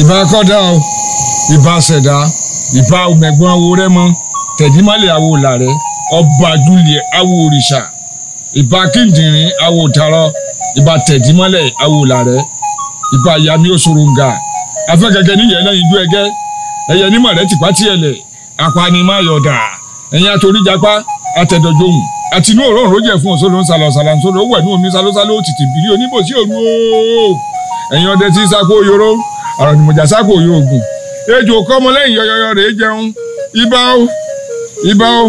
ìbá kọ́dá o ìbá ṣẹ̀dá ìbá omẹ̀gbọ́n awo rẹ mọ́ tẹ̀dímọ́lẹ̀ awo làrẹ́ ọba júlẹ̀ awo òrìṣà ìbá kíndìnrín awo tààrọ ìbá tẹ̀dímọ́lẹ̀ awo làrẹ́ ìbá yami òṣòròǹgà afẹ́kẹ̀kẹ́ níyẹn náà ìjú ẹgẹ́ ẹyẹ nímọ̀ rẹ tìpátì ẹ̀lẹ̀ apanimayọ̀dà ẹ̀yin àtòríjàpá àtẹ̀dọ̀jọ̀hùn àti inú òórùn òórùn jẹ fún òṣòro ńsàlọ̀sàlà ńsòro ó wẹ̀ ní omi sálọ́sálọ́ òtìtì bìrì oníbòsí òru ooo ẹ̀yin ọdẹ tí sáko yoro ọ̀rọ̀ ìmọ̀jà sákò yóò gùn ejò kọ́mọlẹ́yìn yọyọyọ rẹ̀ ejeun ibà ó ibà ó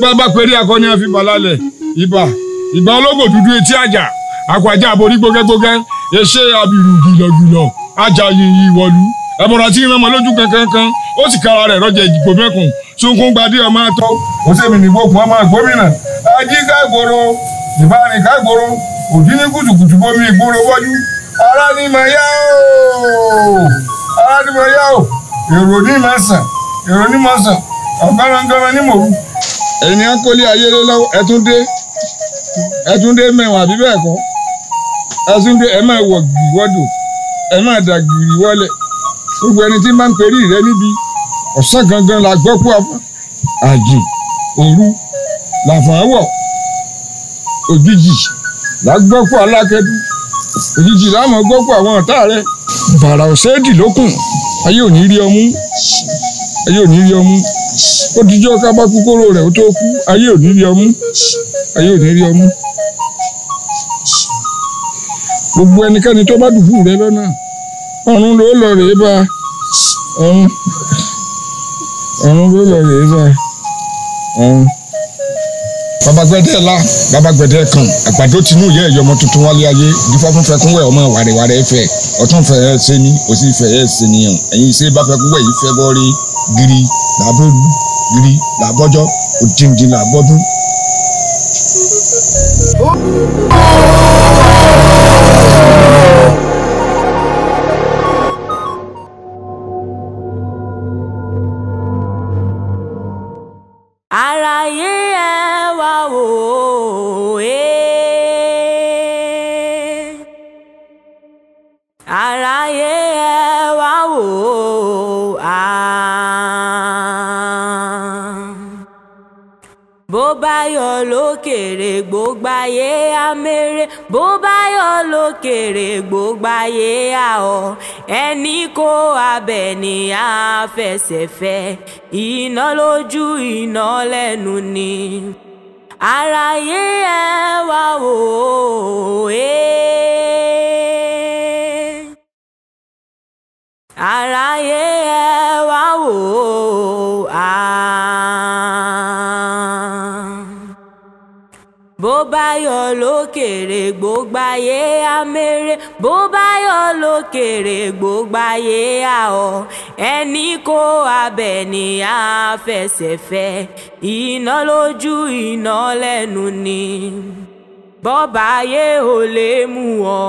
bàbá péré akọni àfi bàlálẹ̀ ibà ibà ológbò dúdú etí àjà àkwàjà àborí gbogẹ́gbogẹ́ eṣe abiru gìlọ̀gìlọ̀ àjà yìnyín ìwọ̀lú ẹ̀bọ̀rà tí ń lójú kankankan ó sì kára sunkún gbadé ọmọ ọmọ gómìnà ajíkàgbòrò ìbánikàgbòrò bómi ara ni mà yá o ara ni mà yá o èrò ní mà sàn èrò ni mà sàn ọ̀gárangáran ní mòru. ènìyàn kólé ayélé lọ́wọ́ ẹ̀túndé ẹ̀túndé mẹ́wàá àbí bẹ́ẹ̀ kọ́ ẹ̀túndé ẹ̀ máa wọ̀ gìrì wọ́dọ̀ ẹ̀ máa dà gìrì wọlé gbogbo ẹni tí máa ń perí rẹ níbi ọ̀sán gangan la gbọ́ pọ̀ afọ́ àjìn òru làfàáwọ̀ òjijì la gbọ́ pọ̀ alákẹ́dùn òjijì láwọn gbọ́pọ̀ àwọn ọ̀tá rẹ bàrà òṣèdì lókùn ayé ò rí ọmú ayé ò rí ọmú ó dijọ́ kábá kúkóró rẹ̀ ó tó kú ayé ò rí ọmú ayé ò rí ọmú gbogbo ẹnikẹ́ni tó bá dùbú rẹ lọ́nà ọ̀run ló lọ rèé bá ọ̀run ọ̀run ló lọ rèé bá ọ̀run. Baba babagbẹdẹ la babagbẹdẹ kan àgbàdo tinú yẹ ẹyọmọ tuntun wálé ayé dífá fún fẹkún wẹ ọmọ wàrẹwàrẹ fẹ ọtún fẹ ẹ ṣe ni òsì fẹ ẹ ṣe nìyẹn ẹyin ṣe bá fẹkún wẹ yìí fẹ bọrí giri làbọdún giri làbọjọ òdìndín làbọdún. Oh! lókèrè gbogbo ayé àọ ẹni kó abẹ ní àfẹsẹ̀fẹ́ iná lójú iná lẹ́nu ni aráyé ẹ wá wò ó e. aráyé ẹ wá wò ó. bó bá yọ lókèrè gbógbáyé amèrè bó bá yọ lókèrè gbógbáyé àọ ẹni kó abẹ ní àfẹsẹ̀fẹ́ iná lójú iná lẹ́nu ni bọ́báyé ò lè mú ọ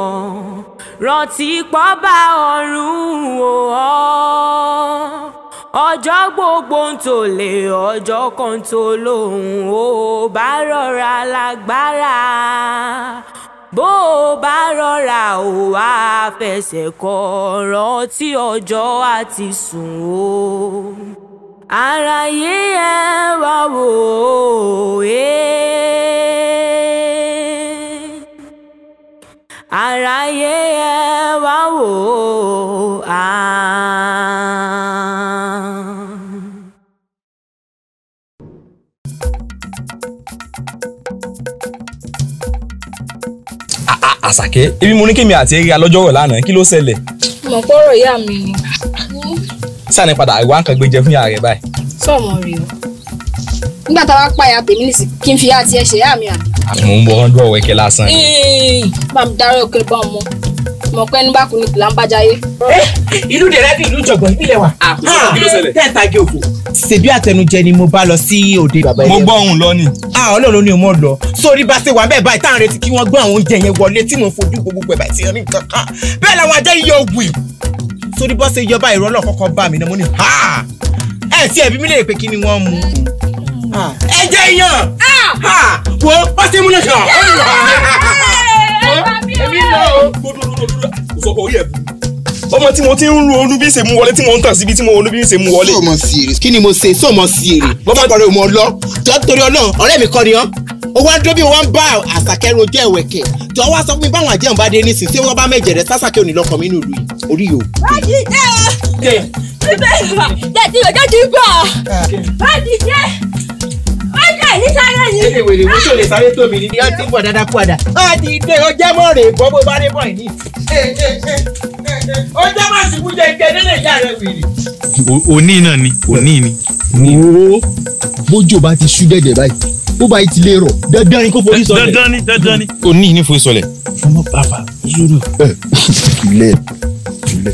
rántí pọ́bá ọ̀run ò ọ́ ọjọ́ gbogbo ń tòlé ọjọ́ kan tó lòun ò bá rọra lágbára bó o bá rọra ò wá fẹsẹ̀ kọ́ rántí ọjọ́ àti sùn o aráyé ẹ wá wò ó e. aráyé ẹ wá wò ó. Ah, àṣàkẹ́ ibi mo ní kí mi àti eré alọ́jọ́rọ̀ lánàá kí ló ṣẹlẹ̀. mọ̀ pọ́rọ̀ ìyá mi ni. sani padà àìwá nǹkan gbé jẹ fún ìyá rẹ báyìí. sọmọ rè o nígbà tá a bá pààyà tèmi nìsí kí n fi yá àti ẹsẹ̀ yá mi àná. àmọ́ ah, ń bọ́ ọ́n dún ọ̀wẹ́kẹ́ lásán. máa mi òkè bá ọmọ mọ̀ pé ẹni bá kú ni kìlá ń bájáyé. Eh, ìlú dẹrẹ́bì ìlú jọ̀gbọ̀n ìbílẹ̀ wa. Ah, ah, tẹ́ǹtàgé òfò. ṣèbí àtẹnujẹ ni mo bá lọ sí òde bàbá yẹn. mo gbọ́ òun lọ ni. Ah, ọlọ́run ni mo lọ sórí bá ṣe wà bẹ́ẹ̀ báyìí táwọn retí kí wọ́n gbọ́ àwọn oúnjẹ yẹn wọlé tí mo fojú gbogbo ẹ̀ báyìí ti rí nǹkan kan bẹ́ẹ̀ làwọn ajá yíyọ wì sórí bọ́ ṣe yọba ìrọ́lọ́ kọ́kọ́ bá mi náà mo ní ẹ̀ tí ẹ̀bí mi lè pé kí ni wọ́n mu hmm. ẹ jẹ́ iyán wo pásítẹ́mù náà ṣe ọ̀ èmi lọ o. ọmọ tí mo ti ń ronú bí ṣe mú wọlé tí mo ń tàn síbi tí mo ronú bí ṣe mú wọlé. sọ ma sèrè kí ni mo ṣe sọ ma sèrè bọ́mọ tọrọ ìmọ̀ lọ jọ torí Ọlọ́run ọ̀rẹ́ mi kọ́ ni ọ́ ó wá dúró bí wọ́n ń bá àṣàkẹ́rò jẹ́ ìwẹ̀kẹ̀ jọ wá sọ fún mi báwọn àjẹun bá dé nísìnyí tí wọ́n bá mẹ́jẹ̀ rẹ̀ sásàkẹ́ òní lọ́kọ̀ mi nínú ìlú yìí orí yòó. báyìí ẹ ọ bíbélì wa jẹ́ ti yóò jẹ́ ti gbọ́ ẹ̀ ní sáré yìí. ẹ lè wèrè wọ́n tó lè sáré tóbi ní. ìyá ti ń bọ̀ dáadáa kú àdá. a ti dé ọjọ́ mọ́ rè bọ́ bó bá dé mọ́ ìní. ọjọ́ mọ́ sìnkú jẹ ìgbẹ́ nílẹ̀ ìyá rẹ wèrè. òní náà ni òní ni. wo bójú bá ti ṣú dẹ̀dẹ̀ báyìí bó bá ti lè rọ̀ dandan ni kó forí sọlẹ̀. dandan ni dandan ni. òní ni forí sọlẹ̀. fọmọ bàbá zuru. ilé ilé.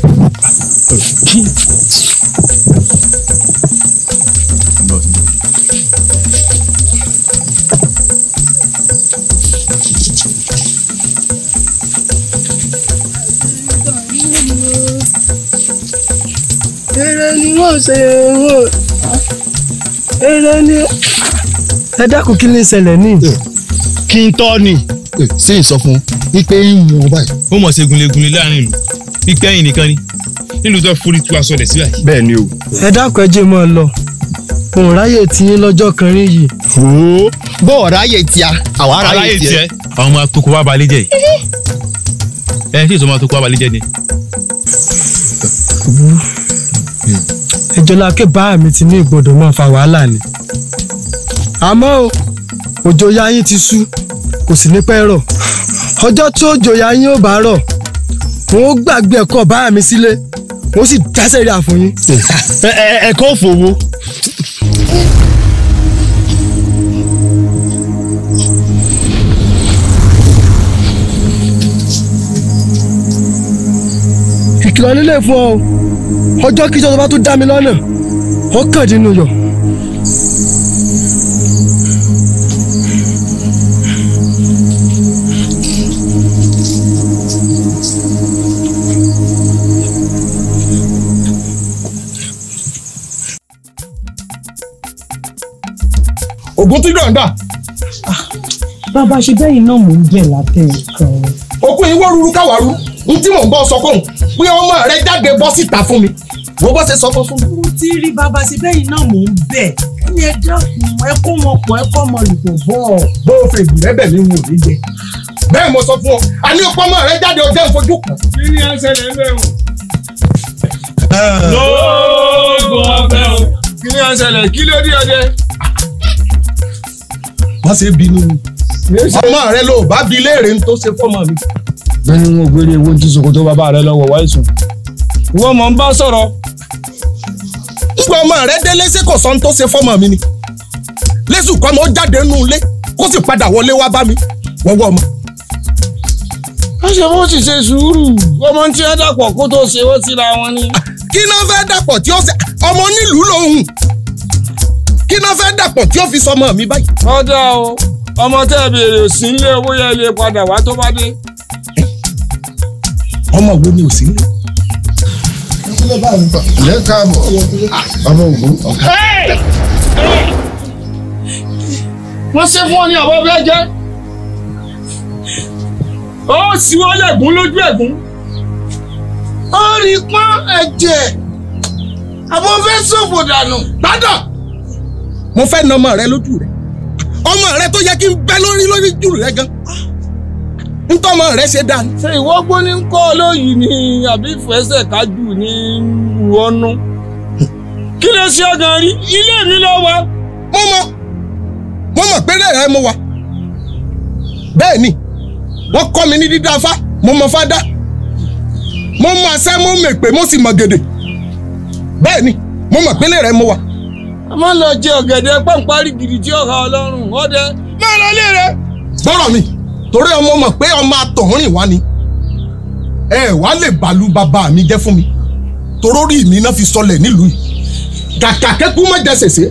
owó ṣe owó èrè ni. ẹ dákun kí ni ìṣẹ̀lẹ̀ ní. Eh, kí n tọ́ ni. Eh, ṣé n sọ fún un pé ń mú ọ báyìí. ó mọ̀ ṣe gunlegunle láàrin ìlú pípẹ́ yìí nìkan ni nílùú tó forí tu aṣọ rẹ̀ síbẹ̀. bẹ́ẹ̀ ni o. ẹ dákun ẹ jẹ́ mọ́ ọ lọ òun ráyè tí yín lọ́jọ́ kan rí yìí. fòó bọ́ọ̀ ráyè tí a àwa ráyè tí ẹ. àwọn ọmọ àtòkò wa balẹ̀ jẹ́ yìí. ẹ ṣé ìsọmọ àtòkò wa balẹ̀ jẹ́ ni ìjọlá ké bá mi ti ní ìgbọ̀dọ̀ máa fa wàhálà ni. àmọ́ o òjò yayin ti sú kò sì ní pẹ́ rọ̀ ọjọ́ tí òjò yayin ò bá rọ̀ wọn gbàgbé ẹ̀kọ́ bá mi sílé wọn sì dáṣẹ́ rí àfọyín. ẹ̀kọ́ òfòwò. ìkìlọ̀ nílé fún ọ ọjọ́ kíjọ́ tó bá tún dá mi lọ́nà ó kàn dínú yọ. ògùn tí dọ̀ǹda. Ah, bàbá ṣe bẹ́yìn náà mò ń jẹ́ látẹ̀ kan. òkú yìí wọ́n rúru káwàá rú ní tí mò ń bọ́ sọ fóun pé ọmọ rẹ jáde bọ́ síta fún mi wo bó ṣe sọ fún fún mi. mo ti rí bàbá sí bẹ́yìn náà mò ń bẹ̀ ẹni ẹ dákun wọn pọ̀ ẹ ọmọ lùkọ̀ bọ́ ọ. bó o fè gùn lẹ́bẹ̀ mi wò ní bẹ́ẹ̀ mo sọ fún ọ a ní ọmọ rẹ jáde ọjọ́ ìfojú kan. kí ni ẹ ń ṣẹlẹ̀ ń bẹ̀ wò. lóògùn ọbẹ̀ o kí ni ẹ ń ṣẹlẹ̀ kí ló dé ọjẹ́. wọ́n ṣe bínú ọmọ rẹ ló bá bi léèrè ń tó ṣe fọ́mọ mi bẹ́ẹ̀ni wọn gbére ewo ti ṣòkòtò bàbá rẹ lọ́wọ́ wáyé sùn ìwọ mọ̀ ń bá sọ̀rọ̀. ìgbà ọmọ rẹ délé ṣé kò sọ tó ṣe fọmọ mi ni lẹ́sùn kọ́ ọmọ jáde nínú ilé kó sì padà wọlé wá bá mi wọ́wọ́ ọmọ wọ́n ṣe bó sì ṣe sùúrù ọmọ tí wọ́n dàpọ̀ kó tó ṣe wọ́n síra wọn ni. kí náà fẹ́ dàpọ̀ tí ó ṣe ọmọ nílùú lòun kí náà fẹ́ dàpọ̀ tí ó fi sọmọ mi báyìí. ọ̀dà o ọmọ tẹ́ ẹ sí ilé owó yẹn lè padà wá tó bá dé ọmọ wo ni ò sí nílé. ilé káàbọ̀ ọmọ ògún ọ̀ká. wọ́n ṣe fún ọ ní ọ̀bọ̀ bẹ́ẹ̀ jẹ́ ó sì wọ́n lẹ́gùn lójú ẹ̀gún ó rí pọ́n ẹ̀jẹ̀ àbọ̀ fẹ́ ṣòfò dànù gbádùn. mo fẹ́ na ọmọ rẹ lójú rẹ ọmọ rẹ tó yẹ kí n bẹ lórí lórí jù rẹ gan ntọ́mọ rẹ ṣe dá ni. ṣe ìwọ gbó ní kọ́ olóyìí ni àbí ìfẹsẹ̀ kájú ní wọnú. kí ló ṣe ọgàn rí ilé mi lọ wa. mo mọ mo mọ pé rẹ mo wà bẹ́ẹ̀ ni wọ́n kọ́ mi ní dídá fá mo mọ fá dá mo mọ asẹ́ mo mèpè mo sì mọ gèdè bẹ́ẹ̀ ni mo mọ pé rẹ mo wà. a máa ń lọ jẹ ọ̀gẹ̀dẹ̀ pàǹpárí gidi tí ó ọlọ́run ọdẹ. máa lọ ilé rẹ. gbọ́rọ̀ mi torí ọmọ mọ̀ pé ọmọ àtọ̀húnrìn wá ni ẹ wá lè bàlú bàbá mi jẹ́ fún mi torórí mi náà fi sọlẹ̀ nílùú yìí kàkà kẹ́kú má jẹ sèse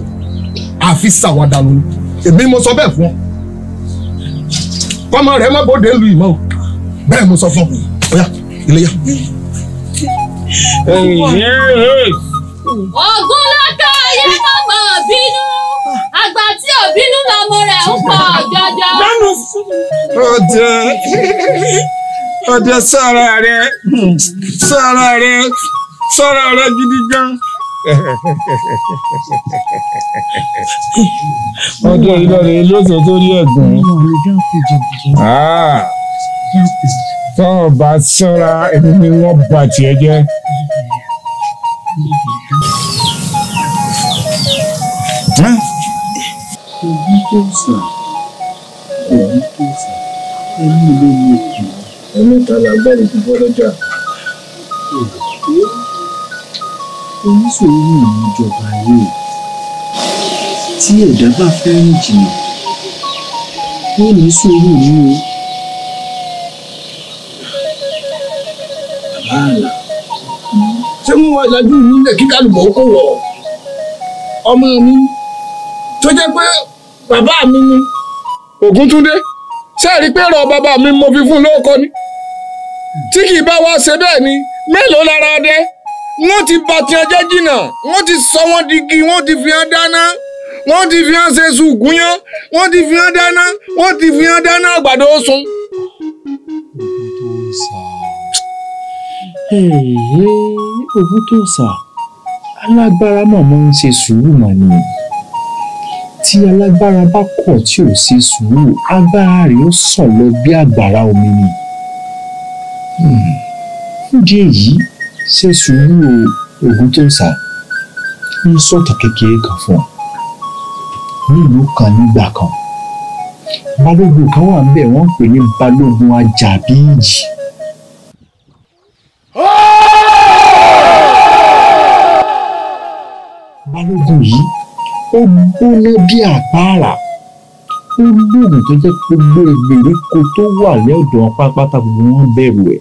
àfi ṣàwàdà lónìí èmi mo sọ bẹ́ẹ̀ fún ọ kọ́mọ rẹ má bòde lu ìmọ̀ o bẹ́ẹ̀ mo sọ fún ọ ọ̀yà iléyà. ọ̀gùn lọ́kàn yẹn má mọ̀ bínú àgbà tí ò bínú lọmọ rẹ̀ ń pọ̀ jọjọ. ọ̀dẹ ọ̀dẹ sọ̀rọ̀ rẹ sọ̀rọ̀ rẹ sọ̀rọ̀ rẹ gidi gan. ọdún ìlọrin lóṣù tó rí ẹ̀gbọ́n. Ah. tọ́ ọ bá sọ́ra èmi ni wọ́n bà tiẹ̀ jẹ́. Huh? tó sàn èyí tó sàn ẹni ló ní òkè ẹlẹ́ta lágbẹ́rẹ́ ti bọ́ lọ́jà oníṣòwò náà ní ìjọba ayé tí ẹ̀dá bá fẹ́ rìn jìnnà ó ní sùúrù ní o bàbá ṣé wọn wá ìlàjú nílẹ̀ kíkálùbọ̀ ó kò wọ̀ ọmọ mi tó jẹ́ pé bàbá mi ni. Ògúntúndé ṣé ẹ rí i pé ọ̀rọ̀ bàbá mi mo fi fún lóko ni tí kì í bá wá ṣe bẹ́ẹ̀ ni mélòó lára dé wọ́n ti bà tiẹ̀ jẹ́ jìnnà wọ́n ti sọ wọ́n di igi wọ́n ti fi hàn dáná wọ́n ti fi hàn ṣe sùgúnyán wọ́n ti fi hàn dáná wọ́n ti fi hàn dáná àgbàdo sun. Ògúntòsà alágbára màmá ń ṣe sùúrù màní tí alágbára bá kọ̀ tí ò ṣe sùúrù agbára rẹ̀ ó sàn lọ bí àgbàrá omi ni. Hmm. fúdìí èyí ṣe sùúrù oògùn tó ń sà ń sọ̀tọ̀ kékeré kan fún ọ nílùú kan nígbà kan balógun kan wà níbẹ̀ wọ́n ń pè ní balógun ajàbíyì. balógun yìí ó gbóná bí àpáàrà ó lóògùn tó jẹ́ gbogbo ìgbèríko tó wà lọ́dọ̀ pátápátá gbogbo wọn bẹ̀rù ẹ̀.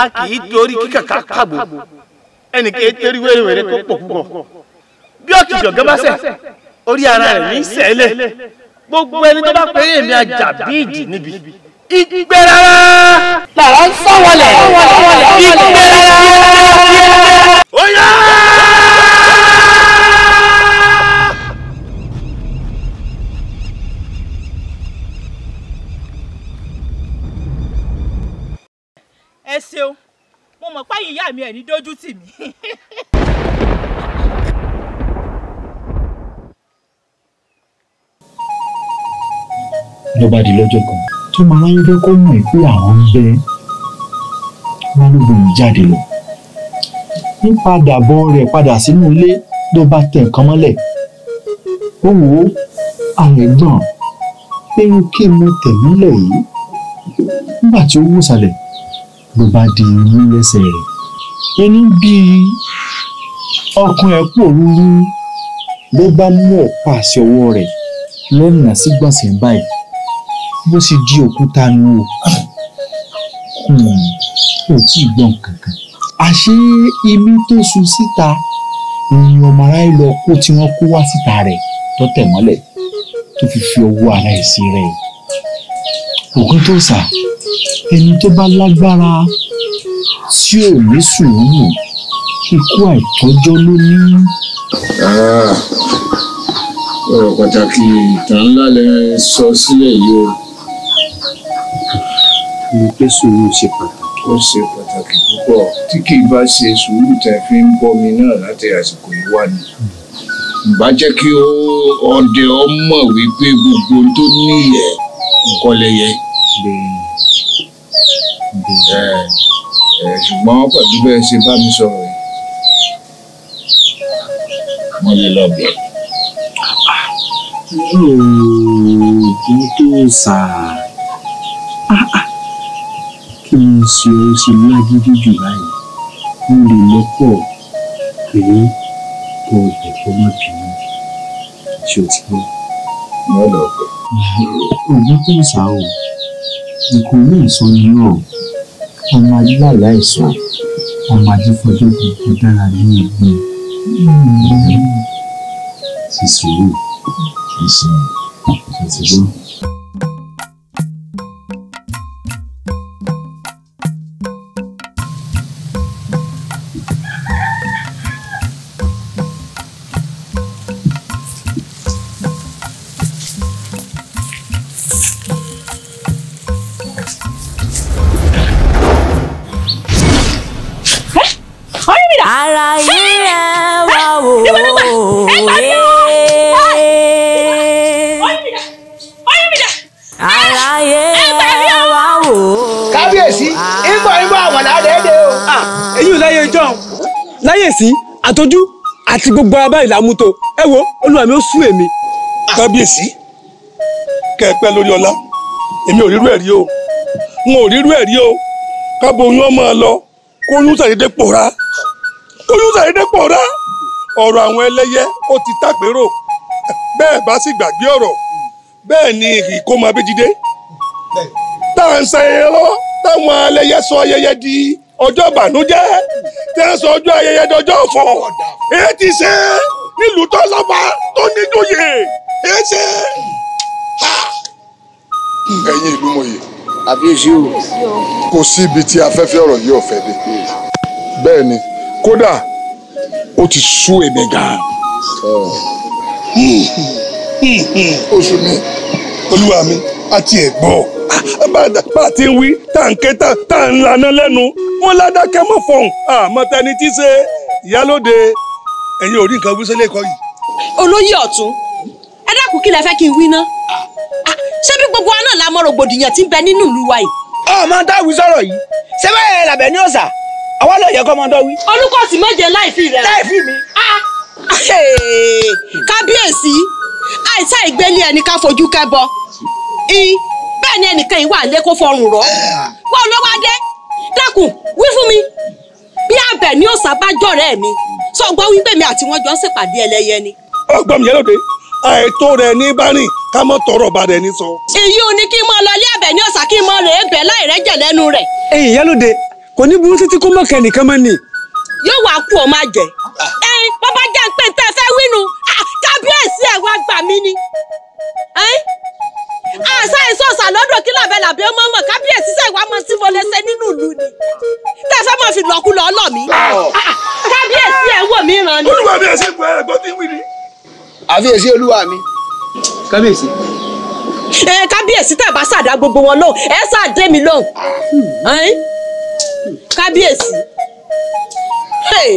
a kì í torí kíkàkà kàgbó ẹnì kì í torí wéréwéré kó pọ̀ púpọ̀ bí ọ̀kì jọ̀gẹ́ bá sẹ̀ orí ara rẹ̀ ní sẹ́lẹ̀ gbogbo ẹni tó bá pé èmi àjà bíìdì níbi ìgbẹ́ rárá. làrá ń sọ wọlé ìgbẹ́ rárá. ó yá. mọ̀ pé ìyá mi ẹ̀ ní dójú tì mí. ló bá di lọ́jọ́ kan tó máa ń fẹ́ kó mọ̀ pé àwọn ń bẹ mọ́nùgbìn jáde lọ. nípadàbọ̀ rẹ̀ padà sínú ilé ló bá tẹ̀ nǹkan mọ́lẹ̀ ó wò ó ààrẹ gbọ̀n pé kí mo tẹ̀ mọ́lẹ̀ yìí nígbà tí ó wò sàlẹ̀ ló bá di irú lẹ́sẹ̀ rẹ̀ inú bí ọkàn ẹ̀ pòrúurú ló bá mú ọ̀pá àṣẹ ọwọ́ rẹ̀ lọ́nà sí gbọ̀nsẹ̀ báyìí bó sì di òkúta nu o hmm, ò tí ì gbọ́n kankan àṣé imí tó sun síta ni ọmọ aráyé lọ kó tí wọ́n kó wá síta rẹ̀ tó tẹ̀ mọ́lẹ̀ tó fi fi ọwọ́ ara ẹ̀ sí rẹ̀ òkú tó sà ẹni tó bá lágbára tí ò ní sùúrù ikú àìtọ́jọ́ ló ní. Ah, ọ̀rọ̀ pàtàkì ìtàn ńlá lẹ sọ sílẹ̀ yìí o. mo pé sùúrù ṣe pàtàkì. ó ṣe pàtàkì púpọ̀ tí kì í bá ṣe sùúrù tẹ̀ fi ń bọ́ náà láti àsìkò yìí wá ni. ǹbá jẹ́ kí ọdẹ ọmọ wípé gbogbo tó níyẹ̀ nǹkan lẹ́yẹ ṣùgbọ́n pẹ̀lú bẹ́ẹ̀ ṣe bá mi sọ̀rọ̀ yìí mo lè lọ bẹ̀. kí n tó sà ah, ah. kí n ṣe ó ṣe lágídí jù báyìí mo lè lọ́pọ̀ pé kò ìdẹ̀kọ́ má bínú ṣe ò ti gbọ́. mo lọ bẹ̀. ọ̀gá tó ń o ìkòwé ìsọni náà ọmọ ajé aláìsọ ọmọ ajé fọjọ́ gbogbo dára ní ìgbín ṣe sùúrù ṣe àti gbogbo ara báyìí lámútó ẹ wo olúwa mi ó sú èmi. kábíyèsí kẹpẹ lórí ọlá èmi ò rírú ẹ rí o n ò rírú ẹ rí o kábò oyún ọmọ ẹ lọ kó oyún sàdédé pòórá kó oyún sàdédé pòórá ọ̀rọ̀ àwọn ẹlẹ́yẹ ó ti tàgbérò bẹ́ẹ̀ bá sì gbàgbé ọ̀rọ̀ bẹ́ẹ̀ ni ìkómọ abéjídé tá à ń sa ẹyẹ lọ́wọ́ táwọn ẹlẹ́yẹ sọ ayẹyẹ di ọjọ́ ìbànújẹ́ tẹ́ ń sọ ọjọ́ ayẹyẹ dọjọ́ ọ̀fọ̀ èyí ti ṣe nílùú tó lọ́ba tó níjòyè èyí ṣe. ẹ̀yin ìlú mòye àbíyèsí o kò sí ibi tí afẹ́fẹ́ ọ̀rọ̀ yìí ọ̀fẹ́ dé bẹ́ẹ̀ ni kódà ó ti sú èmi gan-an. Hmm, hmm, hmm, oṣù mi olúwa mi àti ẹ̀gbọ́n bá a ti ń wí tá à ń ké tá à ń laná lẹ́nu wọn ládàkẹ́ mọ́ fọ̀hún àmọ́ tẹni tí ṣe ìyálóde ẹ̀yin ò rí nǹkan wí sílé ẹ̀kọ́ yìí. olóyè ọ̀tún ẹ dákun kí lẹ fẹ́ kí n wí ná ṣé bí gbogbo wa náà la mọ rògbòdìyàn tí ń bẹ nínú ìlú wa yìí. ọmọ dáwìí sọ̀rọ̀ yìí ṣé bẹ́ẹ̀ làbẹ̀ ní ọ̀sà àwa ló yẹ kọ́ ọmọ dọ́wí. olùkọ́sí méje láìfi rẹ. láìfi mi. kábíyèsí àìsàn ìgbélé ẹni ká fojú kẹ́bọ bẹ́ẹ̀ ni ẹnìkan yìí wà lé kó fọrùn rọ wọn ló wá dé dákun wí fún mi bí abẹ ní òòsàn bá jọ̀rẹ́ mi sọ gbọ́ wípé mi àti wọn jọ ṣèpàdé ẹlẹ́yẹ ni. ọgbà mi yẹlòdè àìtó rẹ ní bárìn ká mọ tọrọ ọba rẹ ní sọ. èyí ò ní kí n mọ lọ ilé abẹ ní òòsàn kí n mọ rè bẹ láì rẹjẹ lẹ́nu rẹ. ẹ̀yin yẹlòdè kò ní burú títí kó mọ kẹnìkan mọ ni. yóò wá kú ọ máa jẹ bàbá jẹ́ pé tẹ́ fẹ́ wínú kábíyèsí ẹ̀ wá gbà mí ni àṣà ìsọ̀sà lọ́dọ̀ kí làbẹ́ làbẹ́ ọmọ ọmọ kábíyèsí sẹ̀ wá mọ sí mo lẹ́sẹ̀ nínú ìlú ni tẹ́ fẹ́ mọ fi lọ́kùlọ́ ọlọ́ mi kábíyèsí ẹ̀ wò mí ràn ni. olúwa mi ẹ̀ ṣe ìpò ẹ̀rẹ̀ gbọ́ tí wí ni. àfiyèsí olúwa mi. kábíyèsí. ẹ kábíyèsí tẹ́ bá ṣàdá gbogbo wọn lóhùn ẹ ṣàdé mi lóhùn kábíyèsí. Hey.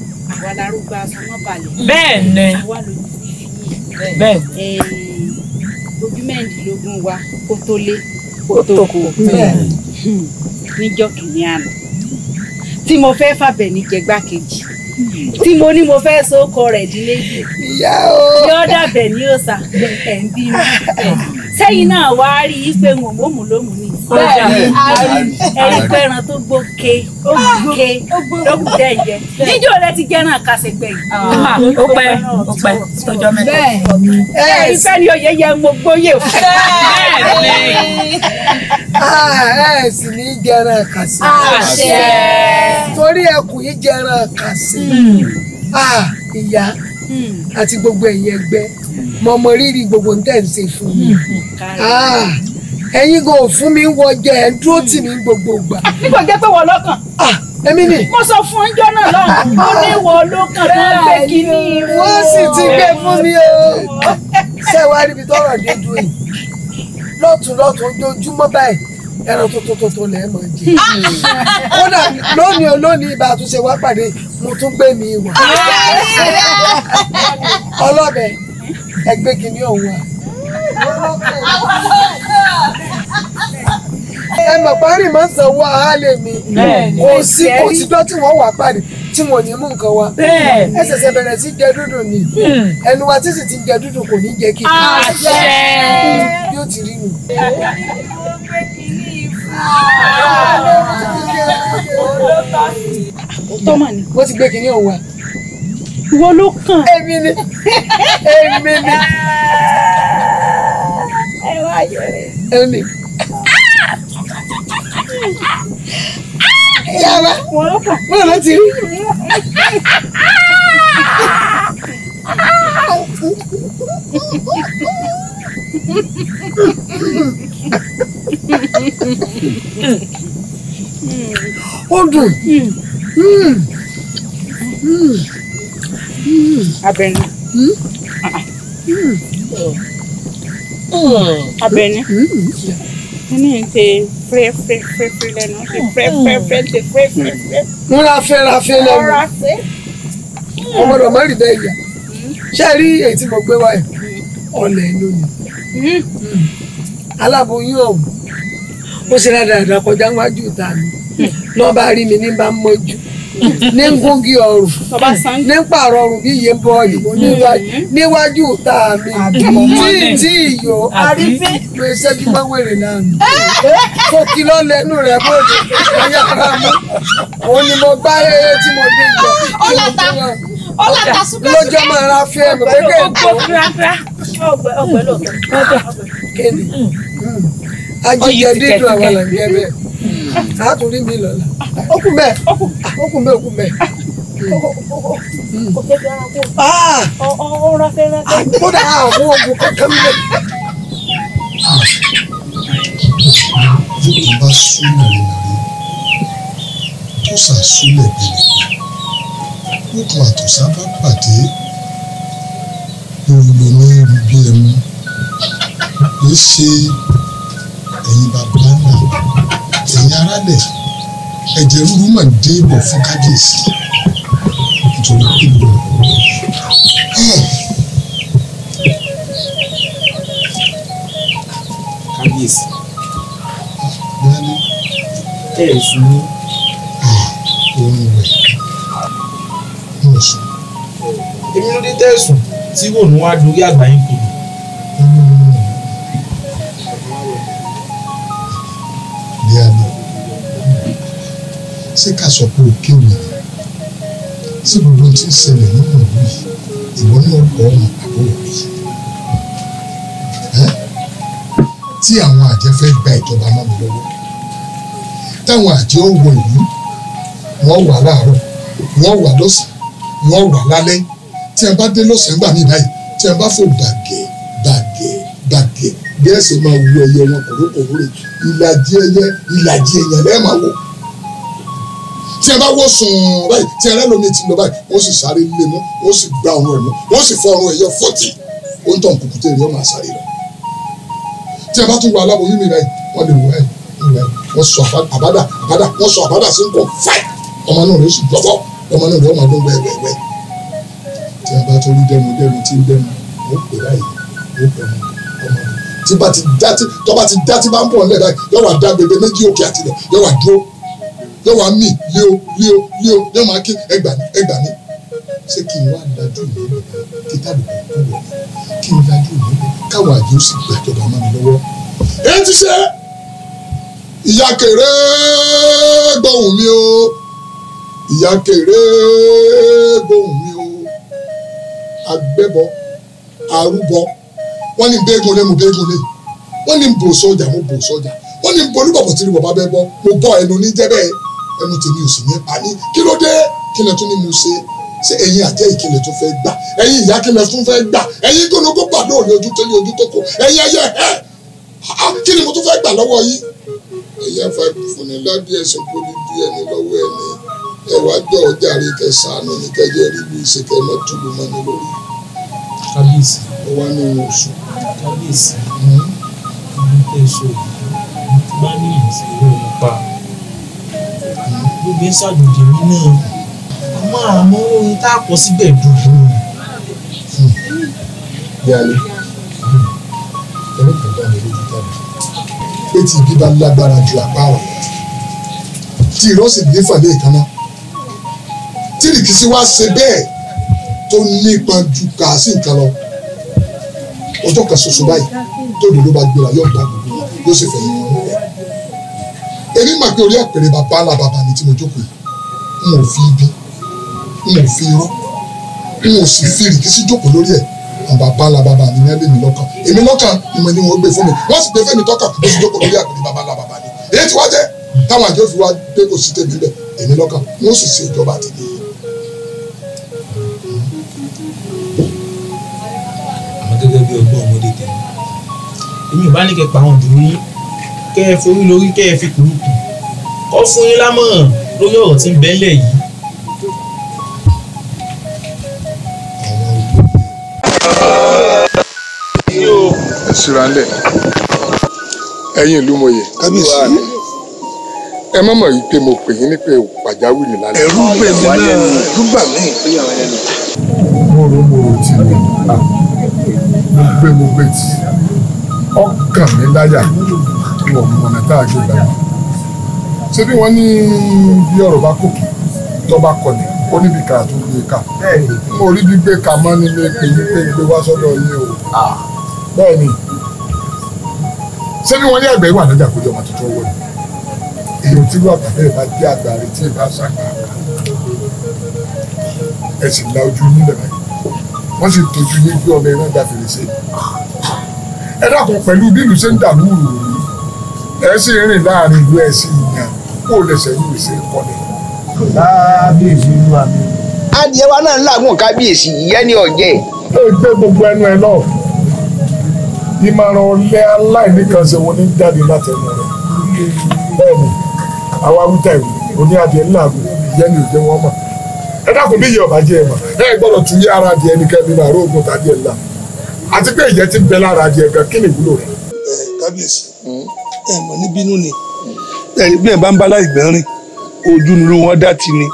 àwa larúgbó aṣọ wọn balẹ̀. bẹ́ẹ̀ni bẹ́ẹ̀ni. ojú mẹ́rìndínlógún wa kó tó lé kó tó kó níjọ́ kìíní àná tí mo fẹ́ fàbẹ̀ ní jẹgbákejì tí mo ní mo fẹ́ sóko rẹ̀ dílé yóò dàbẹ̀ ní òòsà ẹ̀ ń bímọ ah. sẹ́yìn náà wá rí i pé wọn mú lómùú ọjà ẹyin pẹran tó gbóke ah, gbóke lókùn tẹ jẹ jíjọ rẹ ti jẹran kàṣẹgbẹ yìí. Ah, ó pẹ́ ó pẹ́ tọjọ mẹ́ta. ẹyin fẹ́ ni oyè yẹ mo gbóyè fún. Ah, ẹ sì ní jẹran kàṣẹ. àṣẹ. torí ẹkùn yìí jẹran kàṣẹ. Hmm. ìyá hmm. àti gbogbo ẹ̀yin ẹgbẹ́ mọ̀mọ́ rírì gbogbo ń tẹ̀ ń ṣe fún mi. Hmm ẹ̀yin gan ò fún mi wọ jẹ ẹ̀ ń dúró tì mí gbogbo gbà. nígbà jẹ́ pé wọ́n lọ́kàn. èmi ni. mo sọ fún ọjọ́ náà lọ́hùn ah, ó ní wọ lọ́kàn tó ń gbé kínní. wọ́n sì ti gbé fún mi o. ṣé wàá ríbi tọrọ dé dúró yìí lọ́tún lọ́tún ojoojúmọ́ báyìí ẹran tuntun lẹ́ẹ̀ máa jẹ. kódà lónìí olónìí ibà àtúnṣe wá pàdé mo tún gbé mi wà. ọlọ́bẹ̀ ẹgbẹ́ kìíní ọ̀hún wa ẹ mọ̀ parí máa ń sanwó àhálẹ̀ mi kò sí kò sí dọ́ tí wọ́n wà parí tí wọn ní mú nǹkan wa ẹ ṣẹ̀ṣẹ̀ bẹ̀rẹ̀ sí jẹ dúdú ni hmm. ẹnu wa tí sì ti jẹ dúdú kò ní jẹ kí yóò ti rí mi. mo ti gbé kinní ọ̀wà wo ló kàn. èmi ni èmi ni. ẹ wá yọrẹ yàrá báwo ló ti rí. ó dùn abẹni hmm. Hmm. Hmm kíní yẹn ṣe fẹ́ fẹ́ fẹ́ fẹ́ lẹ́nu ṣe fẹ́ fẹ́ fẹ́ ṣe fẹ́ fẹ́ fẹ́. múra fẹ́ ra fẹ́ lẹ́nu ọmọ rẹ̀ mọ́rì bẹ́ẹ̀ yà ṣé rí èyí tí mo gbé wá yìí ọ̀lẹ̀ lónìí hmm. aláboyún ọ̀hún ó ṣe dáadáa kọjá wájú ìta mi lọ́ọ́ bá rí mi ní bá mọ́jú ní ngúngi ọrùn ní pààrọ̀ ọrùn bí iye ń níwájú ìta mi tí tí ìyó arífín ló ṣe bí wáwèrè náà mi kò kí lọ lẹ́nu rẹ̀ bóde mo tí mo àtúrí mi lọ́la okùn bẹ́ẹ̀ okùn bẹ́ẹ̀ okùn bẹ́ẹ̀. ọ̀rọ̀ fẹ́ àwọn oògùn kankan bẹ́ẹ̀. bí mo bá súnmọ́ rẹ̀ nàrí tó sàsúlẹ̀ bẹ̀rẹ̀ lókun àtòsá bá pàdé olùlò ní irú bí ẹmu kì ṣe ẹ̀yin bàbá náà ẹ̀yin aráàlẹ̀ ẹ̀jẹ̀ rúru mà ń dé ìbọ̀ fún kábíyèsí ìjọba ìlú kábíyèsí ẹ̀ ẹ̀ sùn ní oorun rẹ̀ ní sùn. èmi ló dé tẹ̀sùn tí wòlúwà dorí àgbáyé pè ṣé ká sọ pé o kéwì ni tí gbogbo ti ń ṣẹlẹ̀ nínú ìlú yìí ìwọ náà kọ́ ọmọ àbúrò rí tí àwọn àjẹ́ fẹ́ gba ìjọba mọ́ mi lọ́wọ́ táwọn àjẹ́ ó wọ ìlú wọ́n wà láàárọ̀ wọ́n wà lọ́sàn-án wọ́n wà lálẹ́ tí a bá dé lọ́sàn-án gbà mí báyìí tí a bá fò gbàgẹ́ gbàgẹ́ gbàgẹ́ bí ẹ̀sìn máa wú ẹyẹ wọn kòrókòrò rẹ̀ ìlàjì ẹyẹ ìlàjì ẹyẹ lẹ́ẹ̀ máa wọ̀ tí ẹ bá wò sùn báyìí tí ẹ rẹ lómi ti lọ báyìí wọ́n sì sáré lé mú wọ́n sì gba ọrùn ẹ̀ mú wọ́n sì fọ ọrùn ẹ̀yẹ fọ́tì ó ń tàn kùkùté rẹ̀ ọmọ àṣàrí rẹ̀ tí ẹ bá tún wọ aláboyún mi báyìí wọ́n lè wọ ẹ̀ wọ́n sọ àbádà àbádà wọ́n sọ àbádà sí nǹkan fáì ọmọ náà rẹ̀ sì gbọ́bọ́ ọmọ náà rẹ̀ ọmọ ọdún gbẹ́gbẹ́gbẹ́ tí a bá tó rí dẹnu dẹnu tí ń dẹnu ó pè láyè ó pè ọmọ ọmọ tí bá ti dá tí bá ń pọ̀ nílẹ̀ báyìí yóò wá dá yóò wá mì lé o lé o lé o yóò máa ké ẹgbà ní ẹgbà ní. ṣé kí n wá dájú mi kí tábìlì kú lọ kí n dájú mi káwọn àjò sì gbàjọba mọ́ mi lọ́wọ́. ẹ ti ṣe ìyá kéré gbóhùn mi o ìyá kéré gbóhùn mi o agbẹ́bọ arúbọ wọ́n ní bẹ́ẹ̀gùn lẹ́mu bẹ́ẹ̀gùn lẹ́mu wọ́n ní bò sọ́jà mo bò sọ́jà wọ́n ní bolúbọ̀bọ̀ tí mo bá bẹ́ bọ́ mo bọ́ ẹnu ní jẹ́ ẹnu tèmi ò sì ní pa ní kí ló dé kí lẹ tún ní mo ṣe ṣe ẹ̀yin àjẹ́ ìkìlẹ̀ tó fẹ́ gbà ẹ̀yin ìyá kìlẹ̀ tún fẹ́ gbà ẹ̀yin gbólógó pàdé òní ojú tó ní ojú tó kù ẹ̀yin ẹyẹ ẹ̀ kí ni mo tún fẹ́ gbà lọ́wọ́ yìí ẹ̀yà fẹ́ fúnni ládìí ẹ̀sìn kó ní bí ẹni lọ́wọ́ ẹni ẹ wá jọ ọjà rí kẹsànán ní kẹjẹ rí bí ìṣèkẹ mọ túbú mọ ní lórí. kábíyèsí. ó wá ní ohun oṣù. kábíyèsí. ọmọ tẹ̀sán bá ní ìṣèlú ọ̀pá gbogbo ń ṣàjòjì mí náà àmọ́ àmọ́ ohun tá a kọ síbẹ̀ dúdú. yàrá ẹni kò dá mi lójú tàbí etí ìbíba lágbára ju àpá ọ̀rọ̀ tí ìrọ́sì gbé fàlẹ́ ìkànnà tí ìdìkísí wá ṣe bẹ́ẹ̀ tó nípọn ju kà nǹkan lọ ọjọ́ kan ṣoṣo báyìí tó dòdò bá gbéra yóò dá yóò sì fẹ̀yìn wọn èmi mọ̀ pé orí àpèrè bàbá ńlá bàbá mi tí mo jókòó yìí n ò fi ibi n ò fi irọ́ n ò sì fi ìrìkì sí jókòó lórí ẹ̀ àwọn bàbá ńlá bàbá mi ní ẹbí mi lọ́kàn èmi lọ́kàn ni mo ní wọn gbé fún mi wọ́n sì gbé fẹ́mi tọ́kàn mo sì jókòó lórí àpèrè bàbá ńlá bàbá mi èyí tí wá jẹ́ táwọn àjọ fi wá pé kò sí tèmi bẹ̀ èmi lọ́kàn wọ́n sì ṣe ìjọba tèmi. àwọn gẹ́gẹ́ bí ọgbọ́n ọmọdé tẹ̀lé kẹ́ ẹ forí lórí kẹ́ ẹ fi kùrùkù kó fún yín lámọ̀ràn lórí ọ̀rọ̀ tí ń bẹ́ńlẹ̀ yìí ìsiralẹ ẹ̀yin ìlú mòye kábíyèsí ẹ má mọ̀ yìí pé mo pè yín nípa pàjáwìrì lálẹ́. ẹ̀rù gbè mí náà ẹ̀rù gbà mo rò mo rò tí ah. mo gbé mo gbé tí ọkàn mi láyà wọ̀ mú ọ̀nà tá a gbé gbà yìí ṣé bí wọ́n ní bí ọ̀rọ̀ bá kòkì tó bá kọ̀lẹ̀ ó níbi kà tó gbé kà mo rí gbígbé kà mọ́ nílé pé yín pé gbé wá sọ́dọ̀ yín o bẹ́ẹ̀ ni ṣé bí wọ́n ní àgbẹ̀ wà lọ́jà kójọ wọn tuntun wọ̀ èyí tí wọ́n àgbà bá jẹ́ àgbà rẹ̀ tí ì bá ṣàgbà ẹ̀ sì la ojú yín lẹ̀ báyìí wọ́n sì tọ́jú yín bí ọmọ ẹran gba fèrèsé ẹ dákun pẹ̀lú bí ìlú ṣe ń dàlú rò ẹ sì rìn láàrin ìlú ẹ sí kó o lè sẹ́yìn ìṣe kọ́lẹ̀. kábíyèsí ìlú àmì. adìẹ wa náà ń làágùn kábíyèsí ìyẹn ní ọ̀jẹ̀. ó gbé gbogbo ẹnu ẹ náà ìmọ̀ràn ọ̀lẹ́ aláìníkànṣe wọn ní jáde látẹnu rẹ̀ bẹ́ẹ̀ni àwa wíta ìwé oní adìẹ ńláàgùn ìyẹn ní wọn mọ̀ ẹ dákun bí iye ẹ tún ara adìẹ náà tàbí ńlá àti pé ti bẹ lára adìẹ gan kí ni ìwúlò ẹ̀mọ́ níbínú ni ẹ̀rí bí ẹ̀ bá ń bá láìgbẹ́ rìn ojú ni wọ́n dá ti ni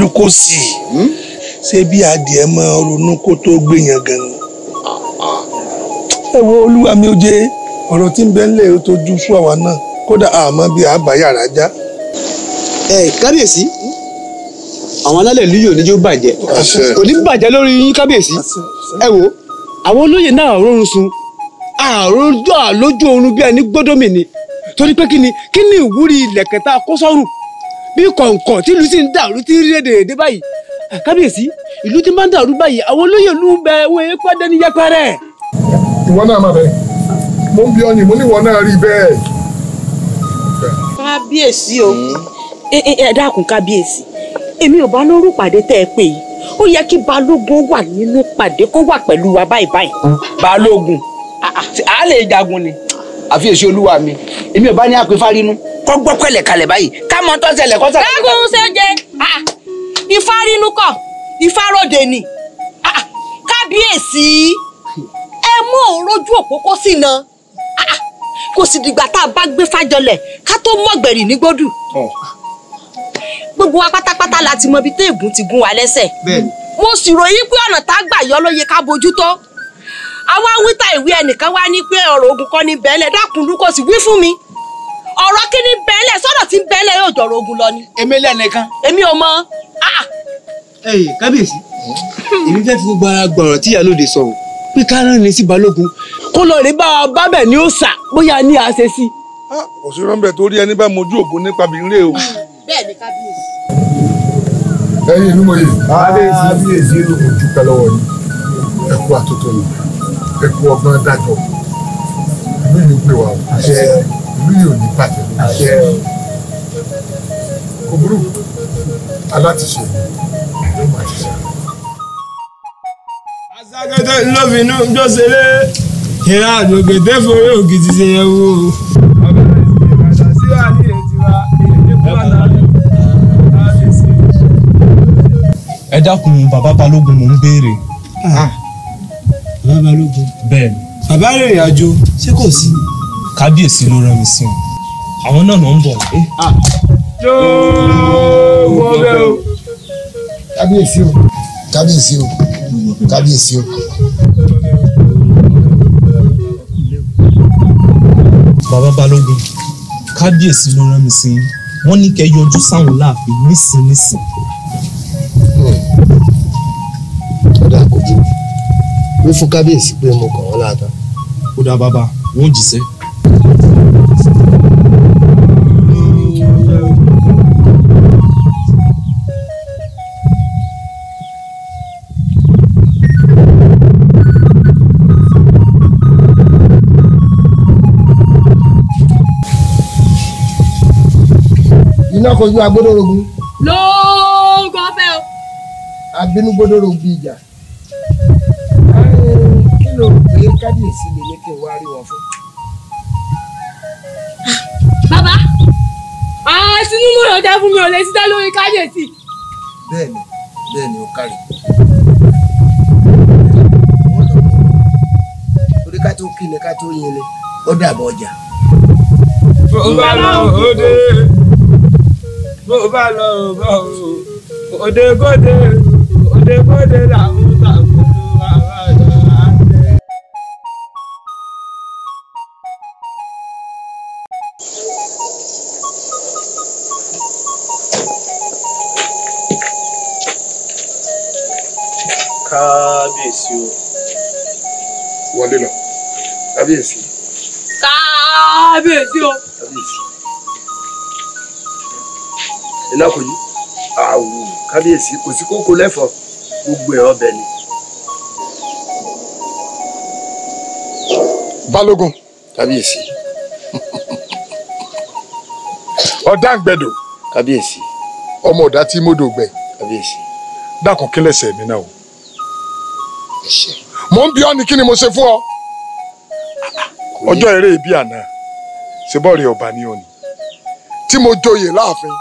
lóko sí i ṣé bí adìẹ máa ronú kó tó gbèyàn gan-an. ẹ wo olúwa mi ò jẹ ọ̀rọ̀ tí ń bẹ ńlẹ̀ ó tojú sú àwa náà kódà àmọ́ bí àbá yàrá já. ẹ kábíyèsí àwọn alálẹ̀ ìlú yìí ò ní jó bàjẹ́ kò ní bàjẹ́ lórí yín kábíyèsí ẹ wo àwọn olóyè náà rọrùn sun àrùn dọ́ àlójú oorun bí ẹni gbódómì ni torí pé kí ni kí ni ìwúrí ilẹ̀kẹ̀ tá a kó sọ́rùn bí kọ̀ǹkọ̀ tí ìlú sì ń tí rí èdè èdè báyìí kábíyèsí ìlú ti máa ń dàrú báyìí àwọn olóyè ìlú bẹ yẹpẹrẹ. ìwọ náà mo ń ọyìn mo ní ìwọ náà rí kábíyèsí o ẹ dákun kábíyèsí pàdé ẹ yìí ó yẹ kí wà nínú pàdé kó wà pẹ̀lú wa báyìí báyìí balógun. a lè jagun ni àfi èsì olúwa mi èmi ò bá ní àpè fárínú kọ́ gbọ́ pẹ̀lẹ̀ kalẹ̀ báyìí ká mọ tó ṣẹlẹ̀ kọ́ ṣẹlẹ̀. lágùn ṣẹjẹ ah, ah. ìfarínú kọ ìfarodè ni ah, kábíyèsí ẹ mú òun rojú òpópó sí na kò sì dìgbà tá a bá gbé fájọlẹ̀ ká tó mọ̀gbẹ̀rì ní gbódù gbogbo wa pátápátá la ti mọ ibi tí ègún ti gún wa lẹ́sẹ̀ mo sì ròyìn pé ọ̀nà tá a gbà yọ ló ká bójú tó àwa wíta ìwé ẹnìkan wá ní pé ọ̀rọ̀ ogun kọ́ ní bẹ́ẹ̀lẹ̀ dákùnrú kò sì wí fún mi ọ̀rọ̀ kí ni bẹ́ẹ̀lẹ̀ sọ́dọ̀ tí bẹ́ẹ̀lẹ̀ yóò dọ̀rọ̀ ogun lọ ni. èmi lẹ́nìkan. èmi ò mọ. Ah, ah. ẹyì kábíyèsí èmi fẹ́ fi gbogbo ara gbọ̀rọ̀ tí ìyálòde sọ o pé ká rán ni sí balógun kó lọ rí bá a bá bẹ̀ ní òòsà bóyá ní àṣẹ sí. Ah, kò sí rọ́ńbẹ́ torí ẹni bá mojú ògùn nípa bìnrin o. bẹ́ẹ̀ ni kábíyèsí. ẹ̀yin ìlú mọ̀ yìí ẹ kú àtúntò nù ẹ kú ọgbọ́n dájọ́ ìlú yìí gbé wa o ìlú yìí ò ní bàjẹ́ kò burú alátiṣe ló máa ti ṣe. aṣákété lófinú jọ́sẹ̀lẹ̀ ìran àdògèdè forí òkìtì ṣe yẹn wò ẹ dákun bàbá balógun mò ń béèrè. Ah bàbá balógun. bẹ́ẹ̀ ni. bàbá rìnrìn àjò ṣé kò sí. kábíyèsí ló rán mi sí wọn àwọn náà ló ń bọ̀. Eh, ah. yóò wọ bẹ́ẹ̀ o. kábíyèsí o kábíyèsí o kábíyèsí o. bàbá balógun kábíyèsí ló rán mi sí wọn ní kẹ́ yọjú sáwọn láàfin nísinsìnyí. ọ̀dà hmm. kò jù wí fún kábíyèsí pé mo kàn wọ́n láàtà. ó dá bàbá wọn ò jíṣẹ́. iná kojú agbódòrògùn. lóògùn ọfẹ o. abínú gbódòrògùn ìjà ló rò pé kábíyèsí lè ní kí n wá rí wọn fún. bàbá Tinubu ló dá fún mi ò lè sídá lórí kábíyèsí. bẹ́ẹ̀ni bẹ́ẹ̀ni ó kárí. orí ká tó kí ni ká tó yin ó dàbọ̀ ọjà. mo bá lọ òde mo bá lọ òde kóde òde kóde làwọn. wọlé lọ kábíyèsí. kábíyèsí o. kábíyèsí. iná kò yí àwò kábíyèsí kò sí kókó lẹ́fọ̀ọ́ gbogbo ẹ̀ ọbẹ̀ ni. balógun kábíyèsí ọ̀dàǹgbẹ̀dọ̀ kábíyèsí ọmọ ọ̀dà tí mo dògbẹ̀ kábíyèsí dákun kílẹ̀sẹ̀ mi náà o. ẹ ṣeun mò ń bi ọ́ ní kí ni mo ṣe fún ọ. ọjọ́ eré ibi àná ṣe bọ́ọ̀rì ọba ní òní tí mo joyè láàfin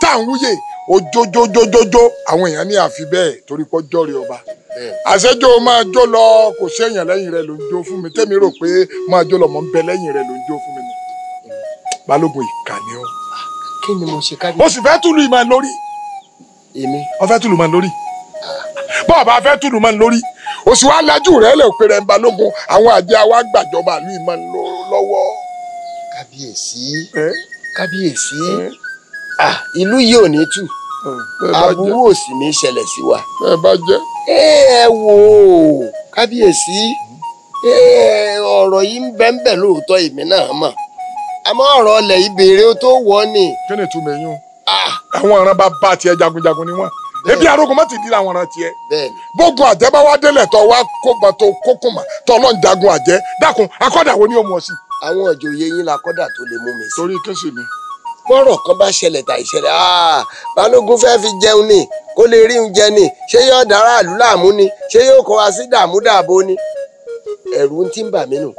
tá à ń wúyè ojojojojojo àwọn èèyàn ní àfi bẹ́ẹ̀ torí pọ́ jọ́ọ̀rì ọba àṣẹjọ máa jó lọ kò sí èèyàn lẹ́yìn rẹ ló ń jó fún mi tèmi rò pé máa jó lọ mọ̀ ń bẹ lẹ́yìn rẹ ló ń jó fún mi ni balógun ìkà ni ó. kí ni mo ṣe kábíyèsí. o sì fẹ́ túlù ìmọ̀ lórí. èmi. o fẹ́ túlù ìmọ̀ lórí. bọ́ọ̀ bá fẹ́ túlù ìmọ̀ lórí oṣù alájú rẹ̀ lè pèrè ń balógun àwọn àjẹ́ wa gbàjọba ìlú ìmọ̀ lọ́wọ́. kábíyèsí kábíyèsí ìlú yìí ò ní tù aburú ò ní ṣẹlẹ̀ sí wa. ẹ bá jẹ́. ẹ ẹ wò ó kábíyèsí ọ̀rọ̀ yìí ń bẹ́ńbẹ́ lóòótọ́ èmi náà mọ̀ àmọ́ ọ̀rọ̀ ọlẹ̀ ìbéèrè tó wọ́ ni. kí ni ìtumọ̀ ẹ̀yún àwọn ọ̀ràn bá bá tiẹ̀ jagunjagun ni wọ́n. ebi arógun má ti di àwọn ọ̀ràn tiẹ̀ bógun àjẹ́ bá wá délẹ̀ tọ́ wá kógbà tó kókùn mà tọ́ lọ́n jagun àjẹ́ dákun akọ́dà wo ni ó mú ọ sí. àwọn òjòyè yín la kọ́dà tó lè mú mi sí. torí kẹ́sì mi. bọ́rọ̀ kan bá ṣẹlẹ̀ tà ìṣẹ̀lẹ̀ ah, balógun fẹ́ fi jẹun ni kó lè rí oúnjẹ ni ṣé yóò dára ìlú láàmú ni ṣé yóò kọ́ wa sí dààmú dààbò ni ẹ̀rù ti ń bà mí nù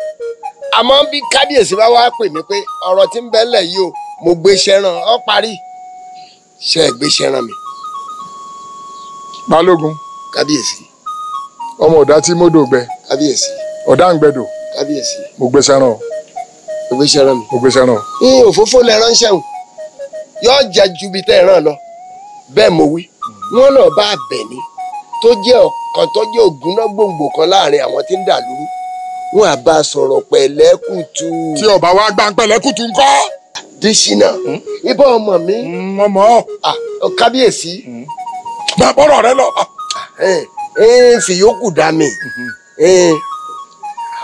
àmọ́ bí kábíyèsí bá wá pè mí pé ọ̀rọ̀ tí ń bẹ́lẹ̀ yìí o mo gbé ṣẹ́ràn ọ́ parí ṣe gbé ṣẹ́ràn mi balógun. kábíyèsí. ọmọ ọ̀dà tí mọ́dọ̀ gbẹ. kábíyèsí. ọ̀dà ń gbẹdọ̀. kábíyèsí. mo gbé sẹ́ràn o. mo gbé sẹ́ràn mi. mo gbé sẹ́ràn o. n òfófó lẹ ránṣẹ́ o yóò jẹ ju ibi tẹ́ ẹ ràn lọ bẹ́ẹ̀ mo wí mm. wọn náà bá bẹ̀ ni tó jẹ́ ọ̀kan tó jẹ́ ògúnná gbòǹgbò kan láàrin àwọn tí ń dà lóru wọn à bá sọ̀rọ̀ pẹ̀lẹ́kùtù. tí ọba wa gbá pẹ̀lẹ́kùtù ńkọ́. dísínà mm. ibà ọmọ mi. Mm, ọmọ. kábíyèsí dàbọ̀rọ̀ rẹ lọ. fìyókù dá mi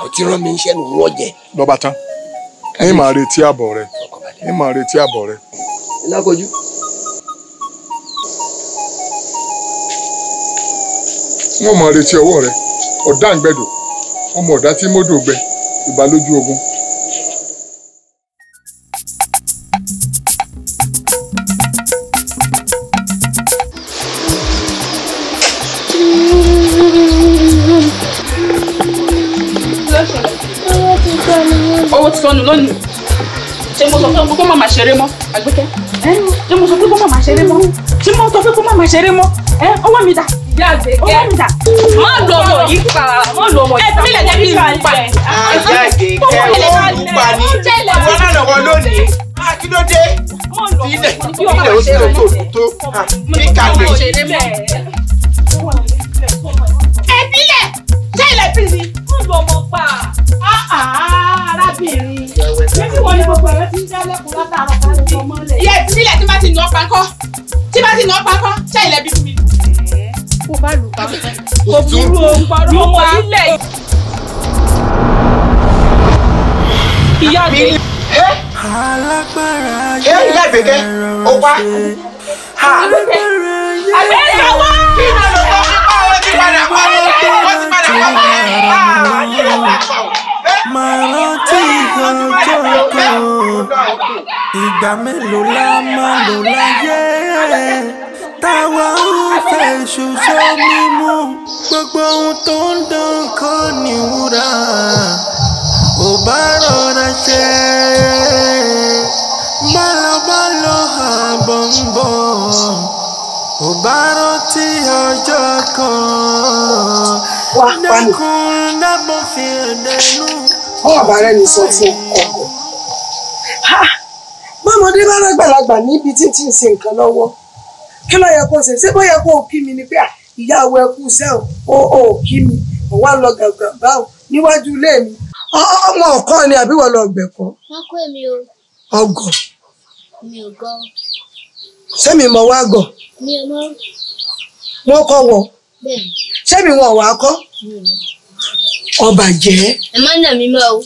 ó ti rán mi iṣẹ́ nù wọ́n jẹ. lọ́ba tán ẹ máa retí àbọ̀ rẹ ẹ máa retí àbọ̀ rẹ. lákòjú. wọ́n máa retí ọwọ́ rẹ ọ̀dá ń gbẹ̀dọ̀ ọmọ ọ̀dá tí mọ́dọ̀ gbẹ ogun. ṣeré mọ́ Àgbékẹ́ ṣé mo sọ pé kó má má ṣeré mọ́ ṣé mo sọ pé kó má má ṣeré mọ́ ọwọ́ mi dà ọwọ́ mi dà. má lọ ọmọ yìí pa má lọ ọmọ yìí pa ẹ tilẹ̀ jẹ́ kí n pa ẹ̀. àjáde kẹ́ ò ń pa ni wọn náà lọ́wọ́ lónìí ah, kí ló dé ilẹ̀ ilẹ̀ ó ti lọ tó tó ah, ní kàdé. ẹ tilẹ̀ ṣé ilẹ̀ bí mi. má lọ ọmọ pa ah, arábìnrin tí wọ́n ní gbogbo ẹ̀rọ ti ń dá lẹ́kùn látàárọ̀ ká ló sọ mọ́lẹ̀. iye ìbílẹ̀ tí bá ti nà ọ́ pankọ́ tí bá ti nà ọ́ pankọ́ ṣá ilẹ̀ bí fún mi. kò bá lù pa kò burú o lù pa sílẹ̀. ìyá mi. alágbára yóò ṣe é rọrùn ṣe. ó pa. àgbẹ̀ ẹ̀ka wá. kí ni àlọ́ kọ́ ọ́ ti padà pa ọ́ ti padà pa ọ́ máa rántí ìkànjọ́ kan ìgbà mélòó la máa lò láyé táwa ń fẹ́ ṣoṣo mímú gbogbo ohun tó ń dán kọ́ ní wúrà ò bá rọra ṣe bálọbálọ àbọ̀ ń bọ̀ ò bá rántí ọjọ́ kan dákun dábọ̀ fi ẹ̀dẹ̀ nù ọba rẹ ní sọ fún ọkọ mọ́mọdé bá lágbàlagbà níbi tí tí ń se nǹkan lọ́wọ́ kí ló yẹ kó ṣe ṣé bó yẹ kó kí mi ni pé ìyá ọwọ́ ẹkú iṣẹ́ ò ò kí mi ò wá lọ gàgà báwo níwájú ilé mi ọmọ ọkọ ni àbí wọ́n lọ gbẹ̀kọ́. wọ́n kó èmi o. ọgọ. mi ò gọ. ṣé mi mọ wá gọ. mi ò mọ. wọ́n kọ́ wọ. bẹ́ẹ̀. ṣé mi wọn ò wá kọ́. mi ò mọ ọba jẹ́. ẹ má nà mí mọ́ o.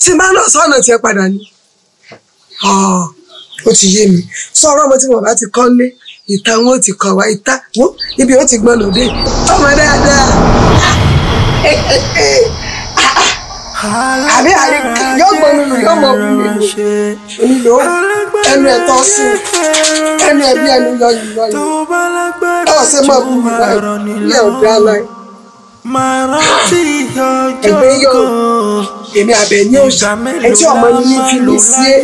tí bá náà sọ́nà tiẹ̀ padà ni ó ti yé mi sọ̀rọ̀ ọmọ tí bàbá ti kọ́ lé ìta wọn ò ti kọ̀ wá ìta wọn ibi ó ti gbọ́n lòdì ọmọ dáadáa eh, eh, eh. àbí àrí yóò gbọ́n nínú yóò mọ̀ ọ́ nílò ẹnu ẹ̀tọ́ sí ẹnu ẹ̀bí ẹnu yọ yìí lọ́yìn ọ̀sẹ̀ máa bú mi báyìí ilé ọ̀dọ́ aláì ẹgbẹ́ yóò èmi àbẹ̀ ní òṣì ẹtí ọmọ ní ní fi mí sí ẹ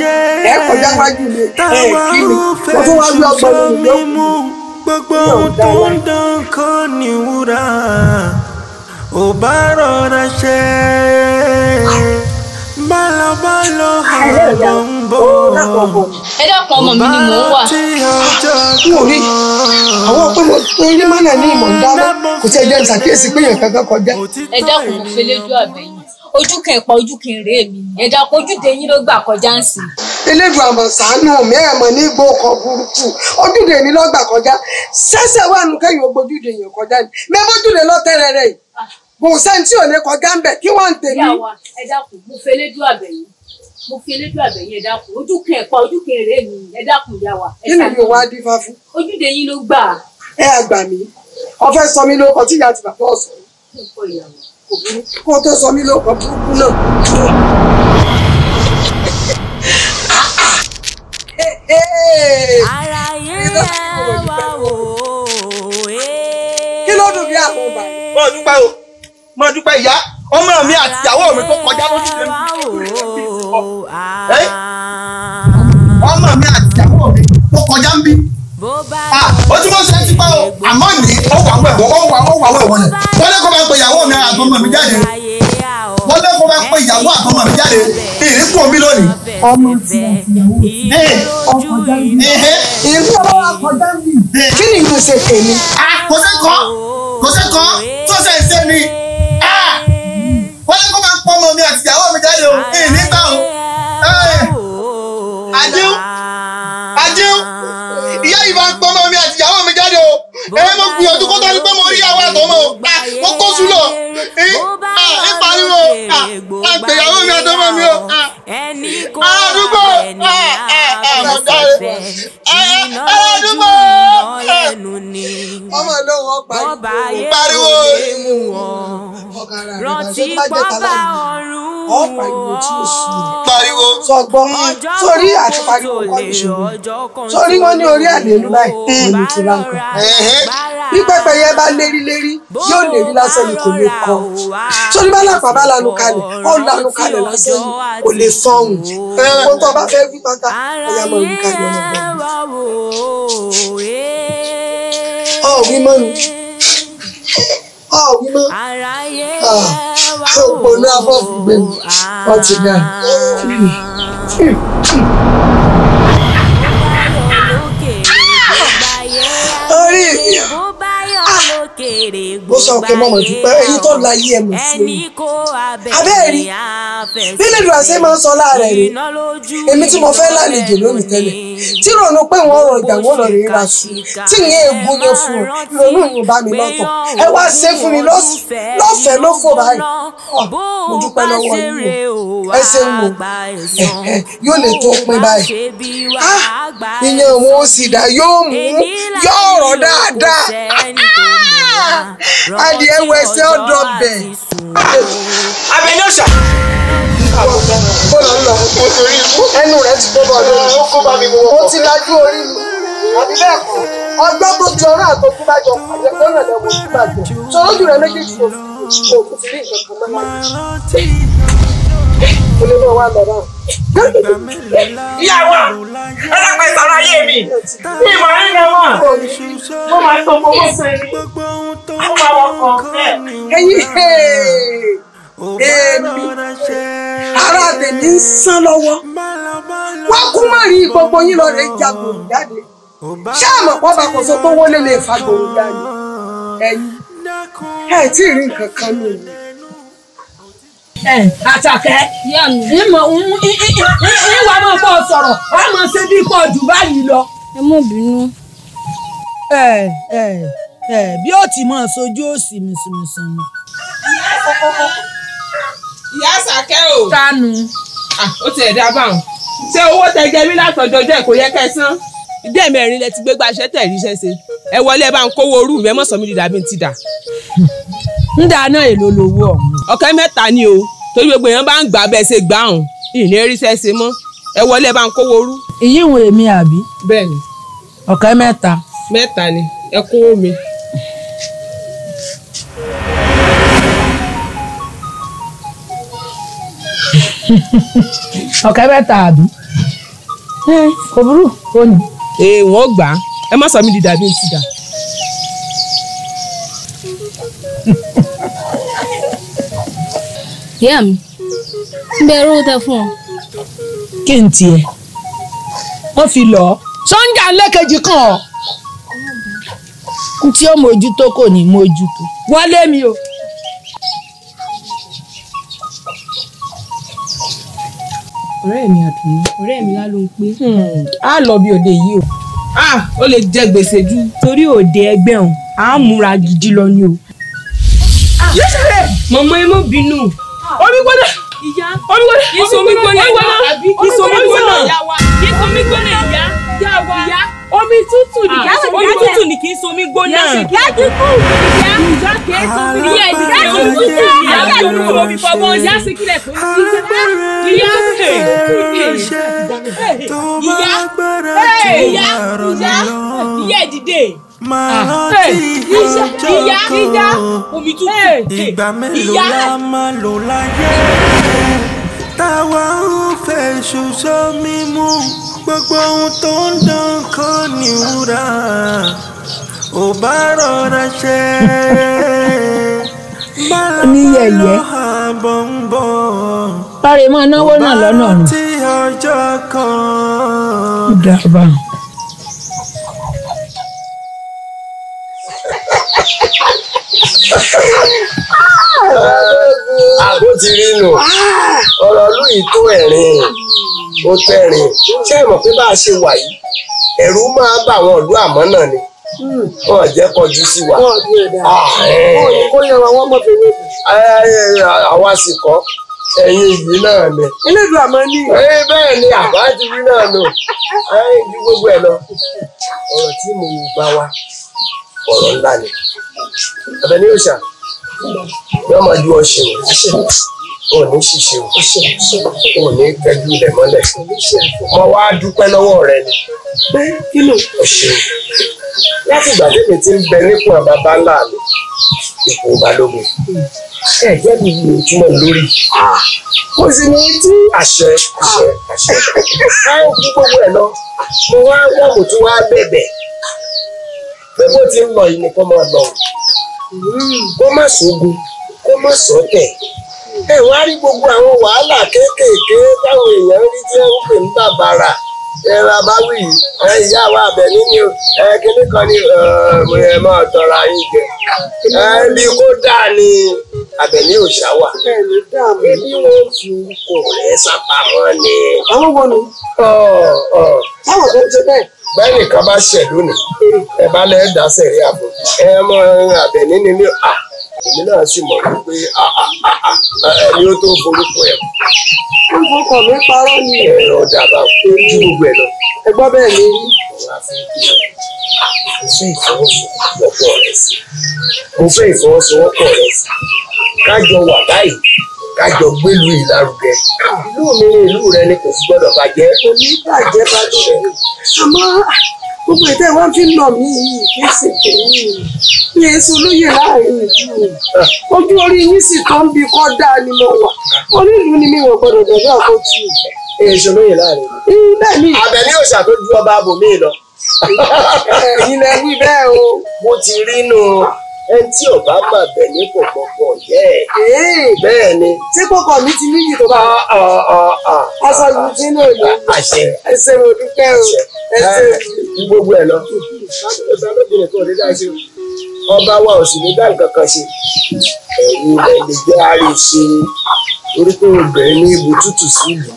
ẹ kọjá wájú mi ẹ kí mi wọ́n tún wá rí ọgbọ́n mi lọ́kùn. gbogbo ohun tó ń dán kọ́ ni wúrà ò bá rọra ṣe é. balo balo bombo. ọmọ mi ni mo wà. rí ah, àwọn mo tó ní mọ́nà ní ìmọ̀ ń dáná kò sí ẹjẹ́ ìṣàkíyèsí pé èèyàn kankan kọjá. ẹ dákun mo àbẹ̀yìn ojú kan mi ẹ dákun ló gbà kọjá ń sìn. àmọ̀ mi ẹ̀ mọ̀ ní igbó ọkọ̀ burúkú ojúde mi gbà kọjá ṣẹ́ṣẹ́ wà nù kẹ́yìn ogbójúde yẹn kọjá kò sẹ́ni tí ò ní kọjá ń bẹ̀ kí wọ́n ń tèmi. ìyá wa ẹ dákun mo fẹ́ lójú àbẹ̀yìn mo fi elédú àbẹ̀yìn ẹ dákun ojú kan ẹ̀kọ́ ojú kan èrè mi ẹ dákun ìyá wa. kí ni yóò wá dín fa fún. ojúde yín ló gbà. ẹ àgbà mi ọfẹ sọ mí lóko tí ìyá ti bàbá ọ sọ. kó tó sọ mí lóko burúkú náà. ara yín ẹ wá wò ó. kí ló dùn bí eh. àwọn ọba. bọ́ọ̀lù pa o mo dúpẹ́ ìyá ọmọ mi àti mi tó kọjá lójú mi ọmọ mi àti mi tó kọjá ń bí ó ti mọ sí ẹtí pa o àmọ́ ní ó wà wẹ̀ ó wà ó wà wẹ̀ wọ́n wọ́n lé kó bá pe ìyàwó mi àtọmọ mi jáde wọ́n lé kó bá pe ìyàwó àtọmọ mi jáde ìrìnkù omi lónìí. ọmọ tí a ti yàwó ọkọ̀ jáde ìrìnkù ọmọ ọkọ̀ kí ni mo tèmi. kò sẹ́kọ̀ọ́ kò sẹ́kọ̀ọ́ tó ṣe é ṣe ni. o ẹ̀ o. ẹ mo gbìyànjú kó tó pé mo rí àwọn àtọmọ o mo kó sùn lọ ẹ ẹ pariwo àgbèyàwó mi àtọmọ mi o àdúgbò àdúgbò ọmọ lọ́wọ́ pariwo rántí pápá ọ̀run pariwo sọgbọn sórí àti pariwo kọ́ ìṣòro sórí wọn ní orí àlè lù báyìí ní bí pẹpẹ yẹn bá lérí lérí yóò lérí lásán ni kò lè kọ sórí bá làpá bá lanu kalẹ̀ ó lanu kalẹ̀ lásán ni kò lè sọhùn kó tó bá fẹ́ wí pátá ọyá máa wí kalẹ̀ ọmọ eh. ọ wí mọ mi ọ wí mọ ọ òpònú afọ fún mi wọn ti dà. mo sọ pé mọ̀mọ́ dúpẹ́ ẹ̀yin tó la yí ẹ̀ mọ̀ sí mi abẹ́ẹ̀rí bílẹ̀ dùn àṣẹ máa ń sọ láàrẹ̀ rẹ̀ èmi tí mo fẹ́ lálejò lónìí tẹ́lẹ̀ tí ronú pé wọ́n rọ ìgbàgbọ́ lọ rèé ra sùn tí ìyẹn ègbó yẹn fún ọ ìrònú yìí bá mi lọ́tọ̀ ẹ wá ṣe fún mi lọ́fẹ̀ẹ́ ló fò báyìí mo dúpẹ́ lọ́wọ́ yìí ẹ ṣeun o yóò lè tó pin báyìí ah! ìyẹn òun ó sì dá yóò mú yóò rọ̀ dáadáa adìẹ the ẹsẹ̀ ọ̀dọ̀ bẹ̀. abẹ́ni ọ̀sà. bọ́lá ń lọ. ẹnu rẹ̀ ti gbọ́ bọ́ ọdún. ó ti lajú orí mi àbí bẹ́ẹ̀ kọ́ ọgbẹ́ tó ti ọ̀rọ̀ àtọ́kùn bá jọ pàdé lọ́nà lẹ́wọ̀ sí bàjẹ́ sọ̀rọ̀ méjèèjì kò kò sí nǹkan kan mọ́ olórí wa lọ́rọ̀. ìyàwó ọlọ́pàá ìsọ̀rọ̀ ayé mi bí ìmọ̀ nígbà wọn mo máa tó fowó sí i mo máa wọ kàn fẹ́. èmi ara tèmi ń sán lọ́wọ́ wọ́n kú mọ́rin gbogbo yín lọ rẹ̀ jagun jáde ṣé àmọ́ pọ́ bá kọsọ tó wọlé lè fa gbòòrò dání ẹ̀yin ẹ̀ tí ì rí nǹkan kan nù yìí. ẹ àtàkẹ́ ìmọ̀ ìwà máa bọ̀ sọ̀rọ̀ wọ́n máa ṣe bí pọ̀ jù báyìí lọ. ẹ mọ̀ bínú. ẹ ẹ ẹ bí ó ti máa sojú òsì mùsùlùmùsùlùmù. ìyá àṣàkẹ́ o. tánu. Ah, ó ti ẹ̀ dá ṣé owó tẹ jẹ mí látọjọ́ jẹ́ kò yẹ kẹ́ sán ìdí ẹ̀mẹ́rin lẹ ti gbé gbaṣẹ́ tẹ̀ ríṣẹ́ ṣe ẹ wọlé ẹ bá ń kówó orú rẹ mọ̀sán mi dìdà bí n ti dà. ń dà náà èlò lówó ọ̀hún. ọ̀kẹ́ mẹ́ta ni o torí gbogbo èèyàn bá ń gbà bẹ́ẹ̀ ṣe gbà ọ̀hún ìní ríṣẹ́ ṣe mọ́ ẹ wọlé ẹ bá ń kówó orú. ìyíwò èmi àbí. bẹ́ẹ̀ni. ọ̀kẹ́ mẹ́ta. mẹ́ta ni ẹ kówó mi. ọ̀kẹ́ mẹ́ta àbí. kò burú ó ní èèwọ̀n gbà á ẹ má sọ mí di dàbí etí dà. ìyá mi ń bẹ ẹrú tẹ fún ọ. kí n tiẹ̀ wọ́n fi lọ sọ́njà lẹ́kẹ̀jì kan ọ̀ tí ó mójútó kò ní mójútó wọlé mi o. ọ̀rẹ́ mi àdùnnú ọ̀rẹ́ mi lá ló ń pé. a hmm. lọ bí òde yìí o ó lè jẹ gbèsè jù. torí òde ẹgbẹ́ ọ̀hún à ń múra gidi lọ ni o. yóò ṣẹlẹ̀. mọ̀mọ́ ẹ mọ̀ bínú. omi gbọ́dọ̀. ìyá omi gbọ́dọ̀. kí somi ìyá wa kí somi ìyá wa kí somi ìyá wa omi tútù ni kí omi tútù ni kì í somi gbóná. yàtí kú ìyá kìí somi ní ẹ̀jẹ̀ kú ìyá kìí somi ní omi fọwọ́ ìyá sì kílẹ̀ pé ìyá ìyá ìyá ìyá ìyá ìdìde máa rántí ọjọ́ kan ìgbà mélòó la máa lò láyé táwa ń fẹ̀sùn sómi mú gbogbo ohun tó ń dán kọ́ níwúrà ò bá rọra ṣe oníyẹyẹ parí mọ náwó náà lọ́nà ọ̀run dàbà. Ha ha ha! àbó ti rí nù ọ̀rọ̀ lóyìí tó ẹ̀rín ó tẹ̀rín ṣé ẹ mọ̀ pé bá a ṣe wà yìí ẹ̀rù máa bá àwọn ìlú àmọ́ náà ni wọn jẹ́ kọjú sí wa. Ah, kó yẹra wọn mọ̀ fèrè bù. àwa sì kọ́ ẹ̀yin ìlú náà ni. ilé ìlú àmọ́ ní. bẹ́ẹ̀ ni àbá ti rí náà nù ju gbogbo ẹ̀ lọ ọ̀rọ̀ tí mo bá wa ọ̀rọ̀ ńlá ni. Àbẹ̀ní òòṣà yóò máa ju ọṣẹ o ò ní ṣiṣẹ́ o ò ní kẹjú rẹ̀ mọ́lẹ̀ mo wá dúpẹ́ lọ́wọ́ rẹ ni kí ló o láti ìgbà tèmi ti ń bẹ nípò bàbá ńlá mi ipò balógun ẹ jẹ́ mi ní ojúmọ́ lórí mo sì ní tí àṣẹ àṣẹ àṣẹ ká kú gbogbo ẹ̀ lọ mo wá wọ́n mo tún wá bẹ̀bẹ̀ pé bó ti ń lọ yìí nìkan máa lọ kó má sógun kó má sọ́tẹ̀ ẹ wá rí gbogbo àwọn wàhálà kéékèèké táwọn èèyàn rí tí wọn pè ń bàbàrà ẹ bàbá wì í ẹ ìyá wa abẹ nínú ẹ kíní kan ní ẹ máa tọrọ ayé jẹ ẹ bí kó dáa ni abẹ̀mí òòṣà wà. ẹbí wọn fi kò rẹ sápamọ́ ni. àwọn wọn ni. ọ ọ. táwọn kan ti bẹ́ẹ̀ bẹ́ẹ̀ nìkan bá ṣẹ̀ lónìí ẹ bá lẹ́ẹ̀ dá sẹ̀rí àbò ẹ mọ àbẹ̀ nínú ilé à èmi náà sì mọ̀ wípé ẹni ó tó forúkọ ẹ̀. orúkọ mi parọ́ ni ẹ̀rọ dàbà ojú gbogbo ẹ̀ lọ ẹ gbọ́ bẹ́ẹ̀ ni mo fẹ́ ìfọwọ́sowọ́pọ̀ rẹ̀ sí mo fẹ́ ìfọwọ́sowọ́pọ̀ rẹ̀ sí ká jọ wà báyìí kájọ gbélú ìlárugẹ ìlú mi ní ìlú rẹ ni kò sí gbọ́dọ̀ bàjẹ́. òní bàjẹ́ bá lọ rẹ àmọ́ gbogbo ìtẹ́ wọn fi nà mí yìí kí sì tèmi ní èso olóyè láàrin ìlú mi ojú orí yín sì tó ń bi kọ́ dáa ni mo wà onílùú ni mi ò gbọ́dọ̀ bẹ̀rẹ̀ àkójú. èso olóyè láàrin. bẹ́ẹ̀ ni. àbẹ̀ ni òòṣà tó ju ọba abòmí lọ. ẹ̀yin lẹ wí bẹ́ẹ̀ o. mo ti rí nù. No ẹni tí ò bá máa bẹ̀ ní kò gbọ́gbọ́ yẹ ẹ̀. bẹ́ẹ̀ ni. ṣé kókò mi ti níyì tó bá ah, ah, ah, aṣọ yìí ti náà ló ń bọ̀ ẹsẹ̀ mi ò dúpẹ́ o ẹsẹ̀ mi. Eh, gbogbo ẹ̀ lọ ọba wa ò sì ní dá nǹkan kan ṣe ẹ̀yin rẹ̀ lè jẹ́ àríṣe orí pé obìnrin ní ibùtútù sí ìlú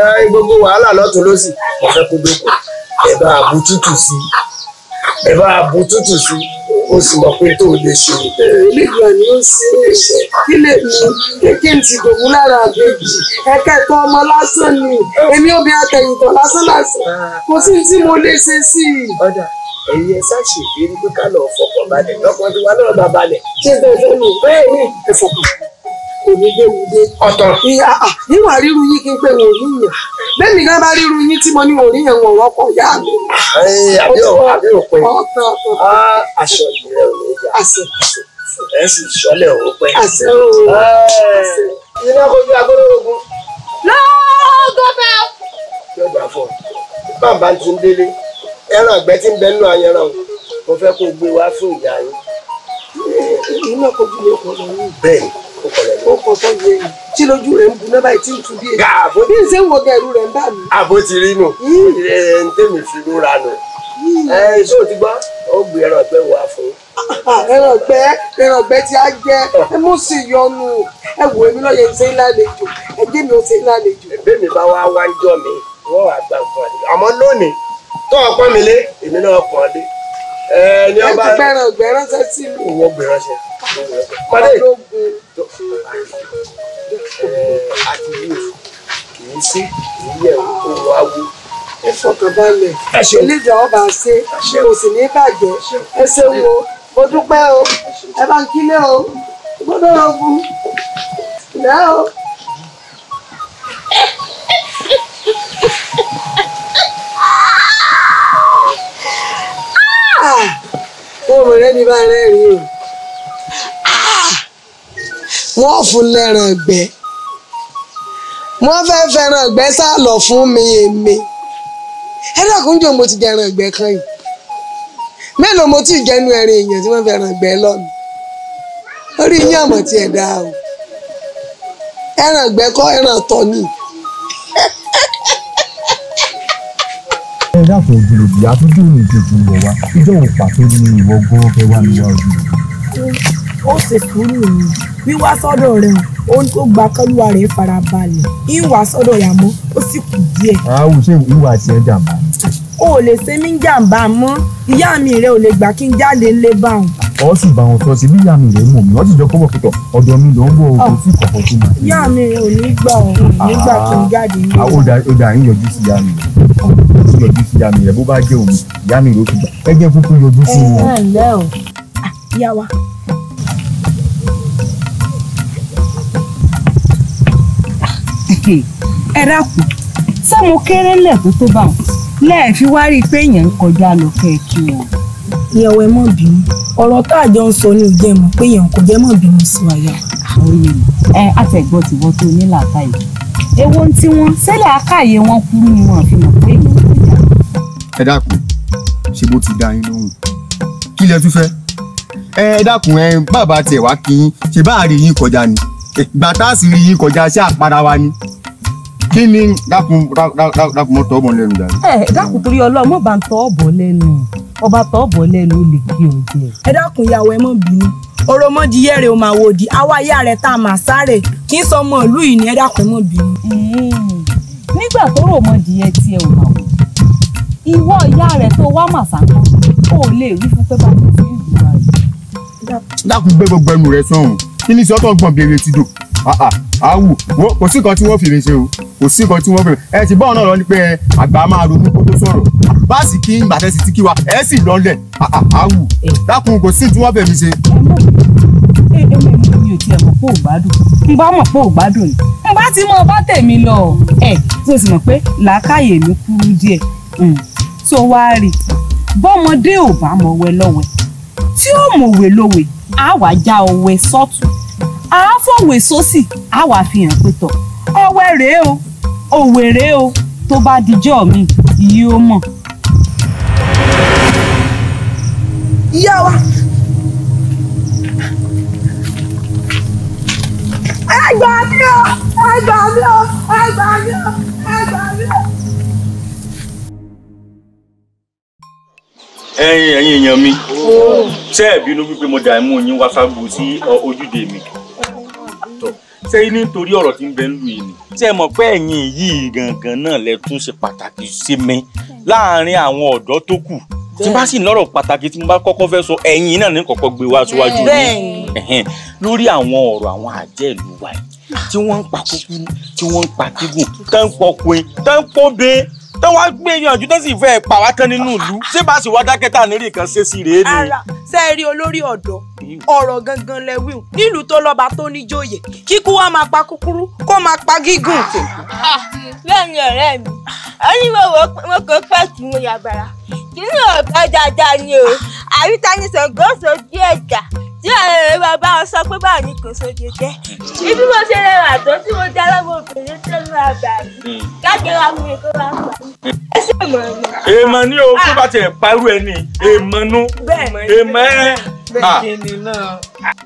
eh, gbogbo wàhálà lọ́tún lọ́sì ọ̀fẹ́ kó dókòó ẹ̀ bá àbútútù sí i ẹ bá bu tútù sí o sì mọ̀ pé tó lè ṣe. Ẹlẹ́gbà ni ó sì ń ṣe kí lè mi kéèké ti dògún lára àbèjì ẹ̀kẹ́tọ̀ ọmọ lásán ni èmi ò bí atẹ̀yìntàn lásán lásán kò sí tí mo lè ṣe sí i. Ọ̀dà èyí ẹ ṣáṣì bí ká lọ fọkàn balẹ̀ lọ́kàn tí wàá lọ́ọ́ bá balẹ̀ ṣé bẹ́ẹ̀ fẹ́ mi bẹ́ẹ̀ ni ẹ fọkàn èmi gbé mi dé. ọ̀tọ̀. níwọ̀n ríru yín kí n pé wọn ò rí yàn bẹ́ẹ̀ni gan bá ríru yín tí mo ní wọn ò rí yàn wọn wọ́n kọ̀ yá mi. àbíọ̀ àbíọ̀ pé aṣọ ìbílẹ̀ ò ní yá. àṣẹ. ẹ sì sọlẹ̀ òwò pẹ́. àṣẹ òwò. iná kojú agbóró ogun. lọ́gọ́ bẹ́ẹ̀. yọ̀gbà fọ bàbá tún délé ẹran àgbẹ̀ tí ń bẹ nínú ayẹran mo fẹ́ kó gbé wá fún ìyá yín. iná kojú lè kọ́ lọ́wọ́. bẹ́ẹ̀ o kọ sọ yẹ yìí tí lójú rẹ ń bu náà báyìí tí ń tún bí èyí bí n ṣe ń wọgẹ ẹrú rẹ ń bá mi. àbó ti rí nù ẹ ẹ ń tèmi fi rúra nù ẹ ṣó ti gbọ́ ó gbé ẹran ọgbẹ́ wá fún. ẹran ọgbẹ́ ẹran ọgbẹ́ tí a jẹ ẹ mú sí yọnu ẹ wò èmi lọ́yẹ ṣe ń lálejò ẹ jẹ́ mi ò ṣe ń lálejò. ẹgbẹ́ mi bá wá wá ń jọ mi wọ́n wá gbà nǹkan àdìgbà àmọ́ lónìí tó ọpọ́ mi lé èmi náà pọ̀ lé ẹ ti gbẹran gbẹran sí mi. owó gbẹran ṣe àdìyẹ kì í sí ìyẹ òun awo ẹ fọkànbalẹ̀ ìlédè ọba ṣe kò sì ní bàjẹ́ ẹ ṣe wo mo dúpẹ́ o ẹ bá ń kílẹ̀ o gbọ́dọ̀ ọ̀gùn ìlà o. ọmọ rẹ ní bá rẹ rí o wọ́n fún lẹ́ran gbẹ́ wọ́n fẹ́ fẹ́ràn gbẹ́ sá lọ fún mi èmi ẹ dákun jọ mo ti jẹran gbẹ́ kan yìí mélòó mo ti jẹnu ẹ̀rín èèyàn tí wọ́n fẹ́ràn gbẹ́ lọ́nà orí yín àmọ̀ tí ẹ̀ dáa o ẹran gbẹ́ kọ́ ẹran tọ́ ni. ẹ dákun òjòlè ìyá tó dùn bọ̀ wá ìjọ pàtó ni ìwọ gbọ́ fẹ́ wá níwájú ó ṣe sùúrù ni wíwá sọ́dọ̀ rẹ̀ ohun tó gba kọ́lúwa rẹ̀ farabalẹ̀ ìwà sọ́dọ̀ rẹ̀ àmọ́ ó sì kù díẹ̀. àwọn ṣé ìwà àti ẹ̀ jàmbá. o ò lè ṣe mí jàmbá mọ́ ìyá mi rẹ ò lè gbà kí n jáde ńlé bá wọn. ọ sì bá wọn sọ sí bí ìyá mi rẹ mọ̀ mi wọ́n ti jọ kọ́bọ̀ pẹ̀tọ̀ ọ̀dọ̀ mi ló ń bọ̀ òkú sí kọ̀kọ́ tó máa. ìyá mi rẹ ò ní gbà ọ nígbà kí n jáde àwọn ọ̀dà yín yọjú sí ìyá mi rẹ yọjú sí ìyá mi rẹ bó bá jẹ́ òun ìyá mi rẹ ó ti gbà ẹ fúnfún yọjú sí wọn. ẹ ẹ ǹlẹ́ o ah, ìyá wa ẹ dákun ṣé mo kéré lẹ́kùn tó bá wọn lẹ́ẹ̀fi wá rí i pé èèyàn ń kọjá lọ kẹ́ ẹ kí wọn. ìyàwó ẹ mọ̀ bínú ọ̀rọ̀ tá àjọ ń sọ ní ìjẹ́ mọ̀ pé èèyàn kò jẹ́ mọ̀ bínú sí wa yà. oye ẹ àtẹ̀gbọ́ tìwọ́ tó ní làákà yìí ewo ń tí wọ́n sẹ́lẹ̀ àkàyè wọn kú ni wọn fi mọ̀ pé èèyàn kọjá. ẹ dákun ṣé bó ti dá yín lóhùn kí lẹ tún ẹ dákun ẹ bàbá tiẹ̀ wá kí yín ṣe bá a rí yín kọjá ni bàtà sì rí yín kọjá ṣé àpárá wa ni kí ni dákun dákun mọ tọ́ bọ̀ lẹ́nu dàrú. ẹ eh, dákun torí Ọlọ́run mọ̀ bá ń tọ́ bọ̀ lẹ́nu ọba tọ́ bọ̀ lẹ́nu ó lè kí o jẹ. ẹ dákun ìyàwó ẹ mọ̀ bínú ọ̀rọ̀ mọ́ di yẹ́rẹ̀ o máa wò di àwa ìyá rẹ̀ tá a máa sáré kí n sọ ọmọ ìlú yìí ni ẹ dákun mọ̀ bínú. nígbà tó rò mọ́ di yẹ tiẹ̀ ò máa wò ìwọ ìyá rẹ̀ tó wá màsà kan kó o lè rí fún pé bá mi ti rí ìgbà rẹ̀. dákun gbé gbogbo ẹnu rẹ sọhùn kí ni sọ́tọ̀ gbọ̀n bèrè ti dò ah, ah, àwù kò sí kan tí wọ́n fi lè ṣe o kò sí nǹkan tí wọ́n bẹ̀rẹ̀ ẹ ti bọ́ọ̀ náà lọ ni pé àgbà máa ronú kó tó sọ̀rọ̀ báàsì kí gbàtẹ́ sì ti kí wa ẹ sì lọ́lẹ̀ àwù dákun kò sí tí wọ́n bẹ̀ mí ṣe. ẹ ẹ mọ̀ mi ò tiẹ̀ mọ̀ pé ò gbádùn n bá mọ̀ pé ò gbádùn ni n bá ti mọ̀ bá tèmi lọ ẹ tí o sì mọ̀ pé làákàyè mi kúrú díẹ̀ tó wá rí bọ́mọdé ò bá mọ̀wé lọ́wẹ́ tí ó mọ̀wé lọ́wẹ́ á wàá já ọwẹ́ sọ́tún àá fọ̀wé sósì á wàá fi hàn pé tọ̀ ọ̀wẹ̀rẹ̀ o òwèrè o tó bá dijọ́ mi yóò mọ̀. ìyá wa ẹ gbà mí o ẹ gbà mí o ẹ gbà mí o ẹ gbà mí o. ẹ̀yin ẹ̀yin èèyàn mi oh. ṣé ẹ bínú wípé mo dààmú yín wá sábò sí ojúde mi ṣé nítorí ọ̀rọ̀ tí ń bẹ nílùú yìí ni tí ẹ mọ̀ pé ẹ̀yin yìí gangan náà lẹ tún ṣe pàtàkì sí mi láàárín àwọn ọ̀dọ́ tó kù tí n bá sì lọ́rọ̀ pàtàkì tí n bá kọ́kọ́ fẹ́ sọ ẹ̀yin náà ní kọ́kọ́ gbé wá síwájú yìí lórí àwọn ọ̀rọ̀ àwọn àjẹ́ ìlú wa yìí tí wọ́n ń pa kúkúrú tí wọ́n ń pa kígùn tán ń pọkùn tán ń pọ́bẹ́ tó wá gbìyànjú tó sì fẹ́ pa wá tán nínú ìlú ṣé bá sì wá dákẹ́tà nírì kan ṣe sí rèé ni. ara ṣe é rí olórí ọ̀dọ́ ọ̀rọ̀ gangan lẹ wíwù nílùú tó lọ́ba tó níjòyè kíkú wa máa pa kúkúrú kó máa pa gígùn. Ah, ah, lẹ́yìn ọ̀rẹ́ mi ẹni mo wò mo kò fẹ́ kí mo yàgbára kí ni ọ̀gá dáadáa ni o àríta ní sọ̀gbọ́sọ̀ bí ẹ̀dá yóò bàbá wọn sọ pé báwo ni kò sóde jẹ ibi mo ṣe rẹwà tó tí mo jẹ alábòbìnrin tó ló àgbà yìí káàkiri àwọn ọmọ èkó máa ń pa ẹ ṣe mọ ni. èèmọ̀ ni o kó bá ah. tiẹ̀ parú ẹ ní èèmọ̀ nú èèmọ̀ ẹ. Ah.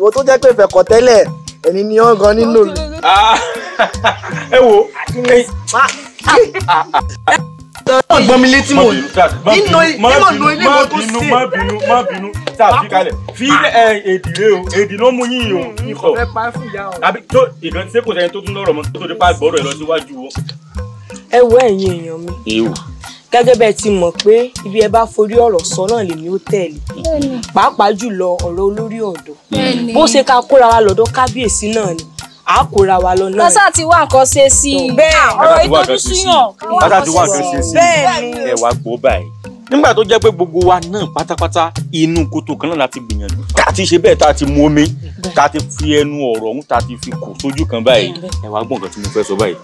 wo tó jẹ́ pé ìfẹ̀kọ̀ tẹ́lẹ̀ ẹni ni wọ́n gan nílò. Ah. ẹ wo gbọ́n mi létí mò ń nínú nínú ilé mo tó sí. má bínú má bínú tá a fi kalẹ̀ fi èdì rẹ o èdì ló mú yín o ikọ̀ àbí tó ìgbà tí kò sẹ́yìn tó tún lọ́rọ̀ mọ́ tó ti pa àgbọ̀rọ̀ ẹ̀ lọ síwájú o. ẹ wo ẹ̀yin èèyàn mi gẹ́gẹ́ bẹ́ẹ̀ ti mọ̀ pé ibi ẹ bá forí ọ̀rọ̀ sọ náà lèmi ó tẹ̀lé pàápàá jùlọ ọ̀rọ̀ olórí ọ̀dọ́ bó ṣe ká kóra wa lọ́dọ̀ kábíyèsí náà ni a kóra wa lọ náà. lọ́sà ti wá nǹkan ṣe sí i. bẹ́ẹ̀ ah, ọ̀rọ̀ ìtọ́jú súyàn. lọ́sà ti wá nǹkan ṣe sí i ẹ̀ wá gbó báyìí nígbà tó jẹ́ pé gbogbo wa náà pátápátá inú kòtò kan náà la ti gbìyànjú tá a ti ṣe bẹ́ẹ̀ tá a ti mu omi tá a ti fi ẹnu ọ̀rọ̀ ọ̀hún tá ti fi kò sójú kan báyìí ẹ wá gbọ́n nǹkan tí mo fẹ́ sọ báyìí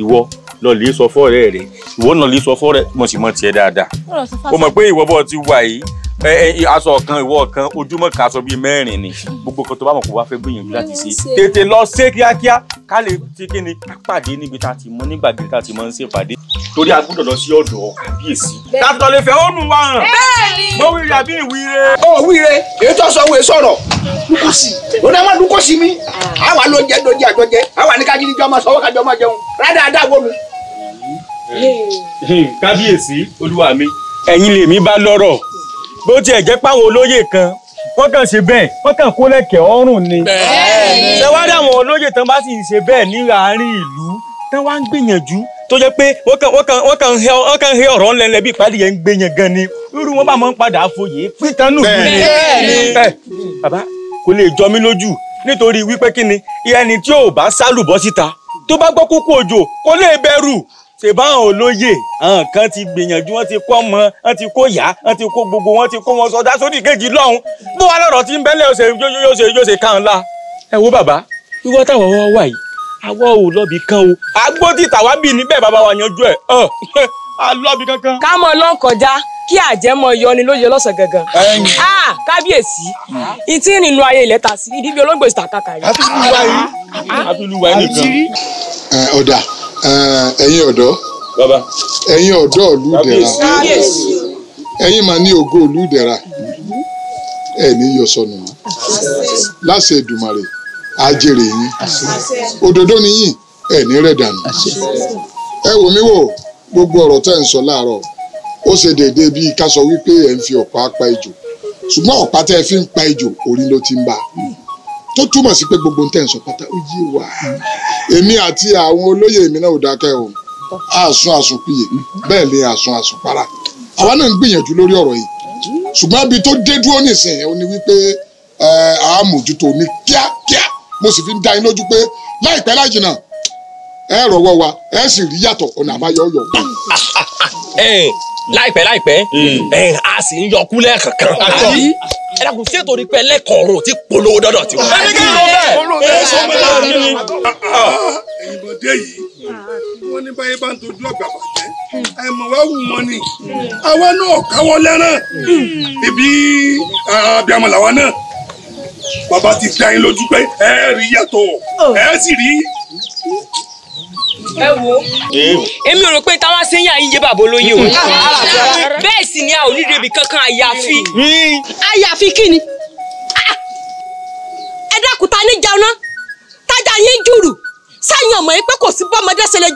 ìwọ lọ́ọ̀lì sọ fọ́ọ̀rẹ́ rẹ ìwọ náà lè sọ fọ́ọ̀rẹ́ mo o mọ̀ pé aṣọ kan ìwọ kan ojúmọ́ kan aṣọ bíi mẹ́rin ni gbogbo kan tó bá mọ̀ kó wá fẹ́ gbìyànjú láti ṣe tètè lọ ṣe kíákíá ká lè ti kí ni pàdé níbi tá a ti mọ nígbà tá a ti mọ ń ṣe pàdé torí a gbọ́dọ̀ lọ sí ọ̀dọ̀ kábíyèsí. dàtọ̀ lè fẹ́ ònú wa hàn. bẹ́ẹ̀ni. mo wíire àbí ìwíire. ó wíire èyí tó sọ wo sọ̀rọ̀ lukosi ó ní a máa lukosi mi ah. àwa ló ń jẹ ló ń jẹ àjọjẹ àwa ní kájí níjọ máa sọ wọ́n kájọ máa jẹun rádàá dá wo mi. kábíyèsí olúwa mi ẹ̀yin lèmi bá lọ́rọ̀ bó tiẹ̀ jẹ́ páwọn olóyè kan wọ́n kàn ṣe bẹ́ẹ̀ wọ́n kàn kó lẹ̀kẹ̀ ọrùn ni. ṣé wá dáwọn olóyè tán bá sì ń ṣe bẹ́ẹ̀ ní àárín ìlú tán wá ń gbìyànjú tó jẹ́ pé wọ́n kàn wọ́n kàn wọ́n kàn hẹ wọ́n kàn hẹ ọ̀rọ̀ ńlẹ̀ bí ìpàdé yẹn ń gbé yẹn gan ni irú wọn bá máa ń padà foyè pítan nù mí. bàbá kò lè jọ mí lójú nítorí wípé kí ni ẹni tí ò bá sálùbọ́ síta tó bá gbọ́ kúkú òjò kò lè bẹ̀rù ṣèbáwọn olóyè àwọn kan ti gbìyànjú wọn ti kó ọmọ wọn ti kó yá wọn ti kó gbogbo wọn ti kó wọn sọdá sódì kejì lọ́hùn bó wa lọ́rọ̀ tí ń bẹ́lẹ̀ ọ̀sẹ̀ yóòṣe yóòṣe kàn la. ẹ wo bàbá wíwọ́ táwọn wọ́n wà yìí àwọ̀ ò lọ́bì kan o. àgbo tí tàwa bì níbẹ̀ bàbá wa yanjú ẹ̀ ọ́ alọ́bì kankan. ká mọ lọ́n kọjá kí àjẹmọ yọni lóye lọ́sàn gangan. kábíyèsí ìtí nínú ayé ilẹ̀ ta sí ibi olóńgbò ìsìtàkàkà yìí àfi Eh, ẹ̀yin ọ̀dọ́ ẹ̀yin ọ̀dọ́ ìlú ìdẹ̀ra ẹ̀yin máa ní ògo ìlú ìdẹ̀ra yọ sọnù mọ́ láṣẹ Èdùmàrè ajẹ́rè yín òdodo ni yín rẹ̀ dànù ẹ wò mí wò gbogbo ọ̀rọ̀ tẹ́ ń sọ láàárọ̀ ó ṣe déédéé bíi ká sọ wípé ẹ̀ ń fi ọ̀pá pa ejò ṣùgbọ́n ọ̀pá tẹ́ ẹ fi ń pa ejò orí ló ti ń bá a. tó túmọ̀ sí pé gbogbo ntẹ̀ ń sọ pátá ó yé wa èmi àti àwọn olóyè mi náà ò dákẹ́ o àsun àsun piyè bẹ́ẹ̀ ni àsun àsun para àwa náà ń gbìyànjú lórí ọ̀rọ̀ yìí ṣùgbọ́n ibi tó dé dúró nìsín ó ní wípé àmójútó ní kíákíá mo sì fi ń dá yín lójú pé láìpẹ́ láì jìnnà ẹ rọwọ́ wa ẹ sì rí yàtọ̀ ọ̀nà àbáyọ̀yọ̀ láìpẹ́ láìpẹ́ hmm. a sì ń yọkú lẹ́ẹ̀kọ̀kan ẹ dàkún ṣé torí pé ẹlẹ́kọ̀ọ́ ọ̀run ti polówó dọ́dọ̀ tiwọn. ẹni kí ló bẹ́ẹ̀ ẹ sọ pé náà ní ìbọ̀dé yìí wọ́n ní báyé bá ń tojú ọ̀gbà bàjẹ́ àìmọ̀ wá wù wọ́n ni àwa náà káwọ́ lẹ́ràn ibi abiyamọ làwa náà bàbá ti dá yín lójú pé ẹ rí yàtọ̀ oh. ẹ sì rí ẹ wo èmi ò rò pé táwa ṣe ń yà yín yé bàbá olóyè o ah, ah, ah, bẹ́ẹ̀ sì ni a ò ní débi kankan àyàfi. àyàfi kí ni ẹ dákun ta ní jẹun náà tájà yín jùrù sẹ́yìn ọmọ yín pé kò sí bọ́mọdé ṣe lè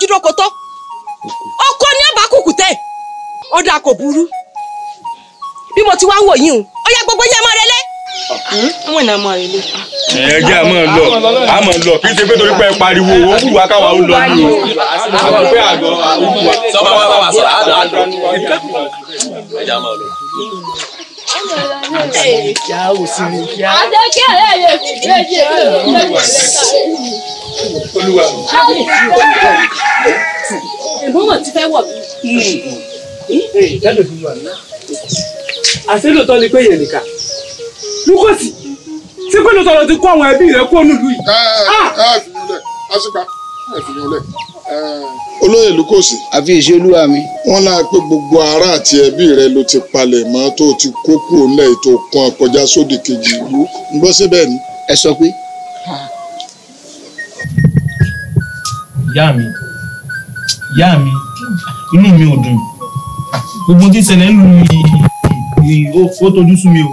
ọkọ ní àbákùkù tẹ ọ̀dà kò burú bí mo ti wá ń wò yín o ó gbogbo yẹn mọ́ rẹ lé ẹ jẹ́ àmọ́ lọ àmọ́ lọ kì í ṣe pé torí pé ẹ pariwo owó wù wá káwa ó lọ ní o àwọn pé àgọ́ àwùjọ wa. sọ́ba wa bá wa sọ̀rọ̀ àdó àdó ẹ jẹ́ àmọ́ lọ. Kíá ò sí mi kíá. Àjẹ́ kí ẹ̀rẹ́ yẹ lóòótọ́ ni pé yẹn nìkan lukosi ṣé pé lóòótọ́ ló ti kó àwọn ẹbí rẹ kó nílùú yìí. Ah! Eh, olóyè lukosi. àfi èsì olúwa mi. wọ́n náà pé gbogbo ará àti ẹbí rẹ ló ti palẹ̀ mọ́ tó ti kó kúrò nílẹ̀ ètò kan kọjá sódì kejì ìlú ń gbọ́ síbẹ̀ ni. ẹ sọ pé. ìyá mi ìyá mi inú mi ò dùn gbogbo tí ṣẹlẹ̀ ń lu mi ó tójú sú mi o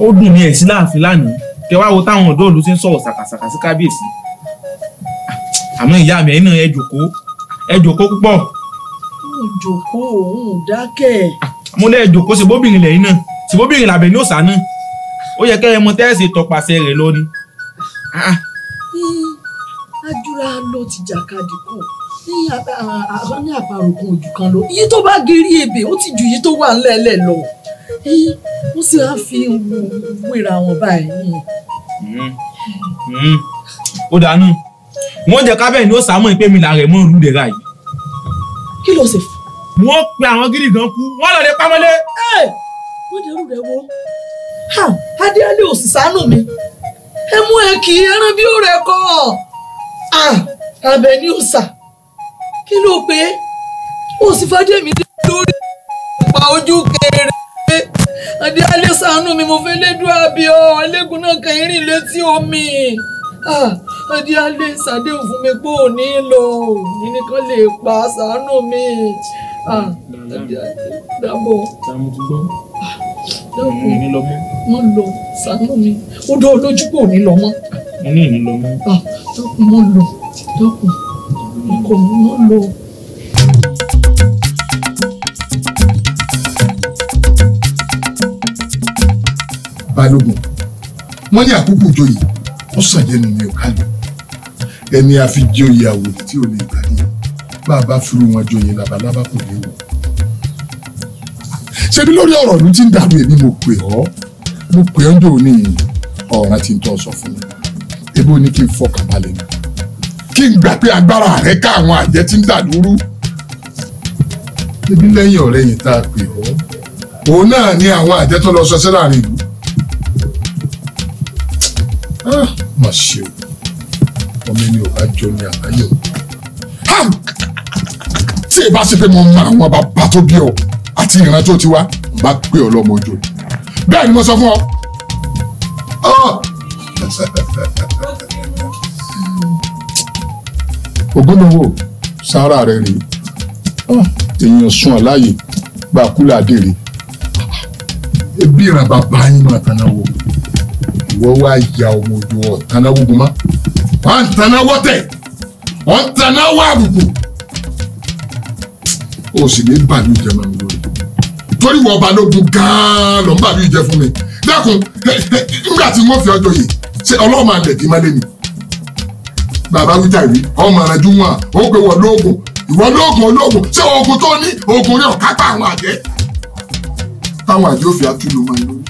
ó dùn ní ẹ̀sìn láàfin lánàá kẹwàá wo táwọn ọ̀dọ́ òlu ti ń sọ̀rọ̀ sàkàsàkà sí kábíyèsí àmọ́ ìyá mi ẹ̀yin náà ẹ jòkóó ẹ jòkóó púpọ̀. ó jòkóó òun dákẹ́. mo lẹ́ ẹ jòkóó sí bóbìnrin lẹ́yìn náà sí bóbìnrin làbẹ̀ ní òsà náà ó yẹ kẹ́ ẹ mọ tẹ́ẹ̀sì tọpasẹ̀ rẹ̀ lọ ni. Ah, ah. ajúra ló ti jàkadì kàn ní àbá ní àbárùkún ojú kan lọ iye tó bá geri ebè ó ti ju iye tó wà ńlẹ̀ẹ́lẹ̀ lọ wọ́n sì á fi wéra wọn báyìí. Hmm. Hmm. ó dànù wọ́n jẹ́ kábẹ́ẹ̀ ni ó sàmọ́ ìpè mi làárẹ̀ mọ́ òru dẹ̀ra yìí. kí ló ṣe fún. wọ́n pe àwọn gidi gan kú wọ́n lọ lè pamọ́lé. wọ́n dẹrù rẹ̀ wọ́ adéálé ò sì ṣàánú mi ẹ mú ẹ kì í ẹran bí ó rẹ kọ́ ah! abẹ ní òòsà kí ló pé ó sì fàdémi dé lórí ìpa ojú kéré adé alẹ́ ṣàánú mi mo fẹ́ lẹ́dùn àbíọ́ ẹlẹ́gùn náà kan irin létí omi ah, adé alẹ́ ṣàdéhùn fún mi pé ò ní lọ òní nìkan lè pa ṣàánú mi ah, adé alẹ́ dábọ̀ ah, dábọ̀ ní lọ mọ́ wọ́n lọ ṣàánú mi ó dọ́ olójú pé ò ní lọ mọ́ mo ní ìní lọ mọ́ dákun wọ́n lọ dákun n kò mọ́ lò. balógun wọ́n ní àkókò joyè wọ́n sàjẹnu mi ò kálẹ̀ ẹni àfi joyè àwòrán tí ò lè gbàdé bá a bá furu wọn joyè labalábá kò léwu ṣebí lórí ọ̀rọ̀ ọdún tí ń dàrú èmi mo pè ọ́ mo pè ọ́ ń dòun ní ọ̀ràn tí ń tọ́ sọ fún mi ebó ní kí n fọkàn balẹ̀ náà kí n gbà pé agbára rẹ ká àwọn àjẹ́ tí ń dà lóru. ibi lẹ́yìn ọ̀rẹ́ yìí tá a pè ọ́ òun náà ni àwọn àjẹ́ tó lọ ṣọṣẹ́ láàrin ìlú. Ah, mà ṣe o ọmọ ẹni ò bá jọ ní àbáyọ. tí ìbá ṣe pé mo mọ àwọn bàbá tó bí ọ àti ìran tó ti wá bá pè ọ lọ́mọ ojú bẹ́ẹ̀ ni mo sọ fún ọ. Oh! ògúnlówó sára rẹ rèé ah, èèyàn sùn àláyè bá a kú láàdé rèé ebi ìran bàbá yín máa tanná wo ìwọ wá ya ọmọ ojú ọ tanná wogun má wà á tanná wọtẹ ọ ń tanná wá àbùkù o sì ní bàbí ìjẹ máa ń lórí torí wọ ọba lógun gan-an lọ bàbí ìjẹ fún mi dákun nígbà tí wọ́n fi ọjọ́ yìí ṣe ọlọ́run máa lẹ̀ dín má lé mi bàbá wíjà rí ọmọ ẹ̀rẹ́jú wọn ó pe wọ́n lóògùn ìwọ lóògùn olóògùn ṣé oògùn tó ní oògùn rẹ̀ kápá àwọn àjẹ́ táwọn àjẹ́ òfin àtúlù máa ń lórí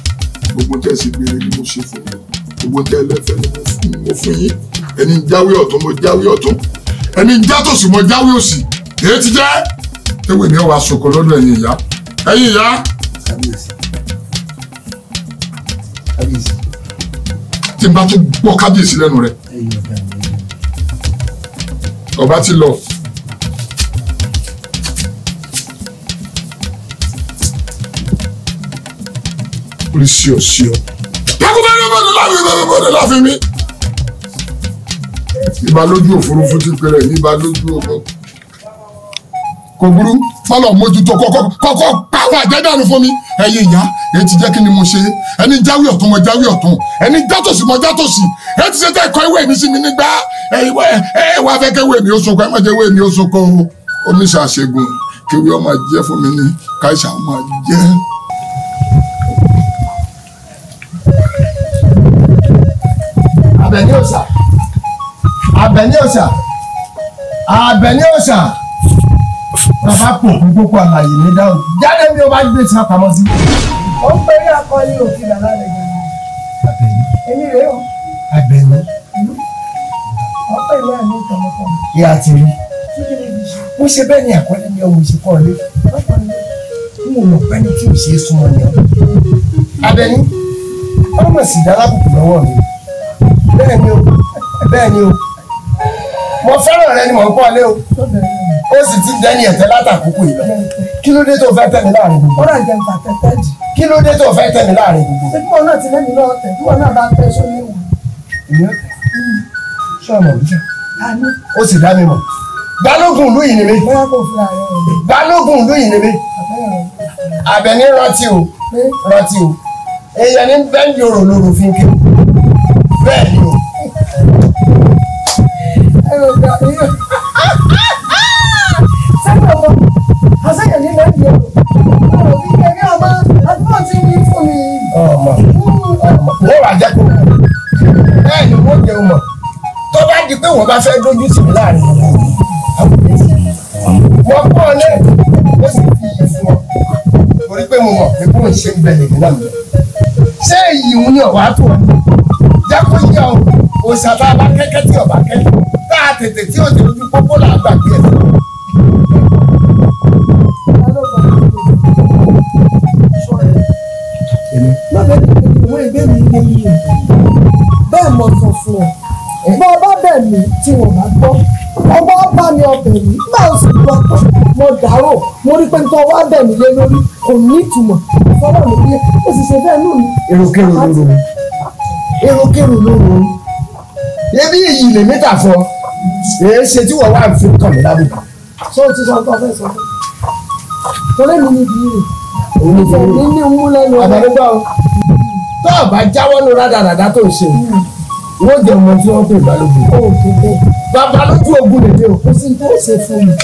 gbogbo tẹ́ ẹ sì béèrè ni mo ṣe fún gbogbo tẹ́ ẹ lẹ́fẹ̀ẹ́ ni mo fún yín ẹni jáwé ọ̀tún mo jáwé ọ̀tún ẹni játòsí mo jáwé òsì èyí ti jẹ́ ewé mi wàá sọkọ lọ́dọ̀ ẹ̀yin ìyá ẹ̀yin ìyá. tí n bá tún gbọ́ kábíyèsí lẹ́nu rẹ̀ ọba ti lọ. orí sí ọ sí ọ. pákúbá ní ọgbọ́dọ̀ láfi mi ọgbọ́dọ̀ láfi mi. ìbá lójú òfurufú ti pèrè ní ìbá lójú ọgbọ́. kò burú fọlọ́ mójútó kọ́kọ́ kọ́kọ́ pàwọ́ àjẹ́dànù fún mi ẹ̀yin ìyá èyí ti jẹ́ kí ni mo ṣe ẹni jáwé ọ̀tún mo jáwé ọ̀tún ẹni játòsí mo játòsí ẹ ti ṣe tẹ́ ẹ̀kọ́ ìwé mi sí mi nígbà ẹ wá fẹ́ kéwé mi ó sunko ẹ má jẹ́ wé mi ó sunko oníṣàṣègùn kéwé ọmọ jẹ́ fún mi ní káṣà ọmọ jẹ́. Àbẹ̀ní òòṣà Àbẹ̀ní òòṣà Àbẹ̀ní òòṣà bàbá kò fún gbogbo àlàyé ní dáhùn jáde bí o bá gbé tí a pamọ́ sí. ó ń pè é akọni òfin bàbá rẹ jẹ. àbẹ̀ní. èmi rèé o. àbẹ̀ní. ó pè é wẹ́ẹ̀ ní tọmọtọmọ. ìyá ti rí. mo ṣe bẹ́ẹ̀ ni àkọ́lé mi ọmọ ṣe kọ́ lé. n ò lọ pẹ́ ní kí n ṣe é súnmọ́ ni ọ. àbẹ̀ní ọmọ sì dára kùkù lọ́wọ́ mi. bẹ́ẹ̀ ni o bẹ́ẹ̀ ni o mo fẹ́ràn rẹ ni mò ń pọ̀ lé o ó sì ti dẹ́ni ẹ̀tẹ́ látàkókò yìí lọ kí ló dé tó fẹ́ tẹ̀mí láàrin gbogbo. ọ̀rọ̀ ìjẹun fàtẹ́ tẹ́jì. kí ló dé tó fẹ́ tẹ̀mí láàrin gbogbo. ìgbà náà ti lẹ́nu náà tẹ̀ bí wọn náà bá tẹ sórí ìwà. ìyá sọ àmọ̀ wíjà ó sì dá mi mọ̀ balógun ìlú yìí ni mí balógun ìlú yìí ni mí Àbẹ̀ní rántí o rántí o èèyàn ní bẹ́ńdì òrò lóru fi ń kí bẹ́ẹ̀ ni o. ọmọ wọ́n wà jẹ́ kó bẹ́ẹ̀ ni wọ́n jẹun mọ̀ tó bá di pé wọ́n bá fẹ́ dójú tì mí láàrin wọ́n kọ́ ọ lẹ́ẹ̀ ó sì fi iyì fún ọ torí pé mo mọ̀ pé bó ń ṣe ń bẹ̀lẹ̀ nígbà mi ṣé èyí ń ní ọ̀wá tó ọ ní kó yẹ ọ òṣàbà bá kẹ́kẹ́ tí ọ̀bá kẹ́kẹ́ tá a tètè tí òjò ojú pópó làá gbàgbé ẹ̀ lọ sọ fún ọ bọ́ ọba bẹ̀ mí tí wọ́n bá gbọ́ ọba bá mi ọbẹ̀ mí bá o sì gbọ́ pé mo dárò mo rí pé n tọ́ wá bẹ̀ mí lé lórí kò ní ìtumọ̀ fọlọ́ mi bí o sì ṣe bẹ́ẹ̀ nù mí. èròkèrò ló ro èròkèrò ló ro ebi èyí lè mí tà fọ èé ṣe tí wọ́n wá fi kàn mí lábùkù. ṣé o ti sọ nǹkan fẹ́ sọ fún mi torí mi ni bí rè ìfẹ̀mí ní mú lẹ́nu ọ̀rẹ́ tó o bá jáwọ́ ló rádaràdá tó o ṣe. Hmm wọ́n jẹ ọmọ tí wọ́n pè balógun. o ò fi bẹ́ẹ̀. babalógun ogun lèdè o. kò sí tó ṣe fún mi.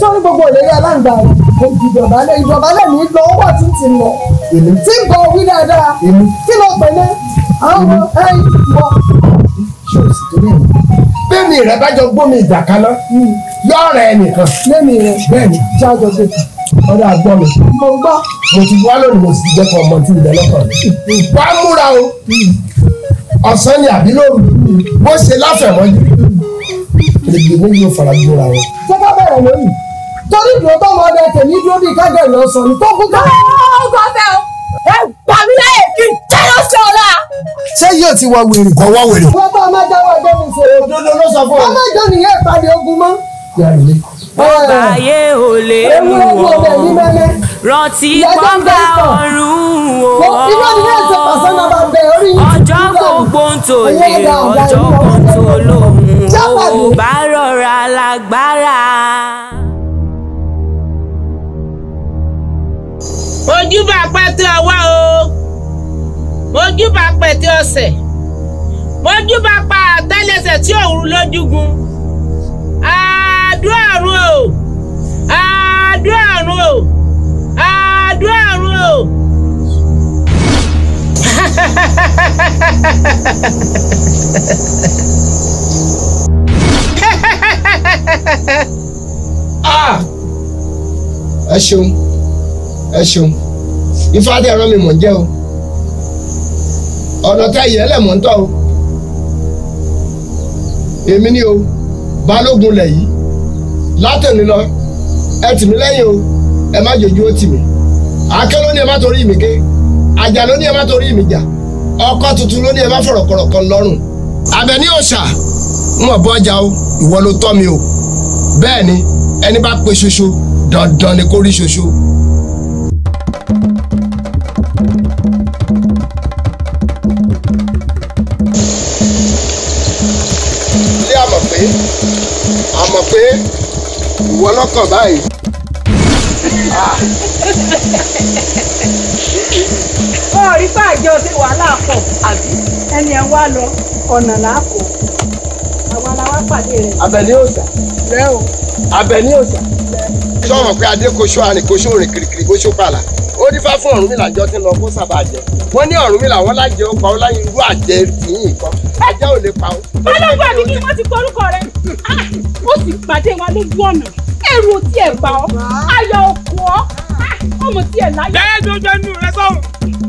sọ́ni gbogbo ìlérí aláǹgbá rẹ̀ kò ìjọba lẹ́ ìjọba lẹ́ mi lọ owó àti ti lọ. èmi tí ń bọ wí dáadáa. èmi kí ló pè ní àwọn ẹyìn wọ. ṣé o sì tó lè mú. bẹ́ẹ̀ni rẹ bá jọ gbómi ìjà kaná hmm. yọ ọ̀rẹ́ ẹnìkan. bẹ́ẹ̀ni rẹ bẹ́ẹ̀ni tí a jọ ṣe ọ̀rẹ́ àgbọ̀ mi. mo gbọ́. mo ti wá lónìí mo sì jẹ́ kọ́ ọmọ tí ìdẹ́lọ́kọ̀ mi. Hmm. wàá ọ̀sán ni àbí lóru bó ṣe láfẹ̀mọ́jú lèbi ní yóò fara gbóra wọn. tó bá bẹ̀rẹ̀ lóyún torí ìdúró tó mọ ọdẹ tèmi dúró bíi kájọ ìlọ sọ ní tó kú tó. ọgbà fẹ́ o ẹ gbà mí láyè kí n jẹ́ lọ sí ọ̀la. ṣé yóò ti wá wèrè. kò wá wèrè. wọ́n bá ọmọ jáwọ́ ọjọ́ mi sọ̀rọ̀ òdodo ló sọ fún ọ. ọmọ ìjọ nìyẹn ìpàdé ogun mọ́. ọgbà ayé ò lè mú ọ rántí pọ́nbà ọ̀run o ọjọ́ gbogbo ń tò lè ọjọ́ gbogbo ń lòun o bá rọra lágbára. ojúbà pàtẹ ọwá o mojúbà pẹ̀tẹ ọ̀sẹ̀ mojúbà pa àtẹ́lẹsẹ̀ tí òun lójúgun àdúrà rún o àdúrà rún o àdúrà àrùn o. Ah! ẹ ṣeun ẹ ṣeun ifá tẹ mi mọ̀ jẹ́ o ọ̀nà tá ìyẹ́lẹ̀ mọ̀ ń tọ́ o èmi ni o balógun lẹ̀ yìí látẹ̀lé lọ ẹ tì mí lẹ́yìn o ẹ má jòjú ó tì mí àáké ló ní ẹ má torí mi ké àjà ló ní ẹ má torí mi jà ọkọ tuntun ló ní ẹ má fọ̀rọ̀ kọ̀rọ̀kọ̀ lọ́rùn àbẹ̀ ní òòṣà ń wọ̀ bọ́jà o ìwọ ló tọ́ mi o bẹ́ẹ̀ ni ẹni bá pe ṣoṣo dandan ni kó rí ṣoṣo. ilé àmọ̀ pé àmọ̀ pé ìwọ lọ́kàn báyìí wọn rí fàájọ ṣe wàhálà pọ̀ àbí ẹni ẹ wá lọ ọ̀nà làákò àwa la wá pàdé rẹ. abẹ́lé òòsà. rẹ o. abẹ́lé òòsà. sọ̀rọ̀ pé adé kò ṣó àrìn kò ṣó rìn kìrìkìrì kò ṣó pààlà ó dífá fún Ọ̀rúnmìlà jọ tí ń lọ kó sábà jẹ wọ́n ní Ọ̀rúnmìlà wọ́n lájẹ ó pa ó láyé irú àjẹ tìyìn kan ajá ò lè pa ó. ọlọ́gbọ́n mi kí wọ́n ti porúkọ rẹ̀ ah! ó sì pàdé wa lójú ọ̀nà ẹrù tí ẹ bá ọ ayọ̀ ọkọ ọ ọmọ tí ẹ láyọ̀. jẹ́ gbogbo ẹnu rẹ sọ́hùn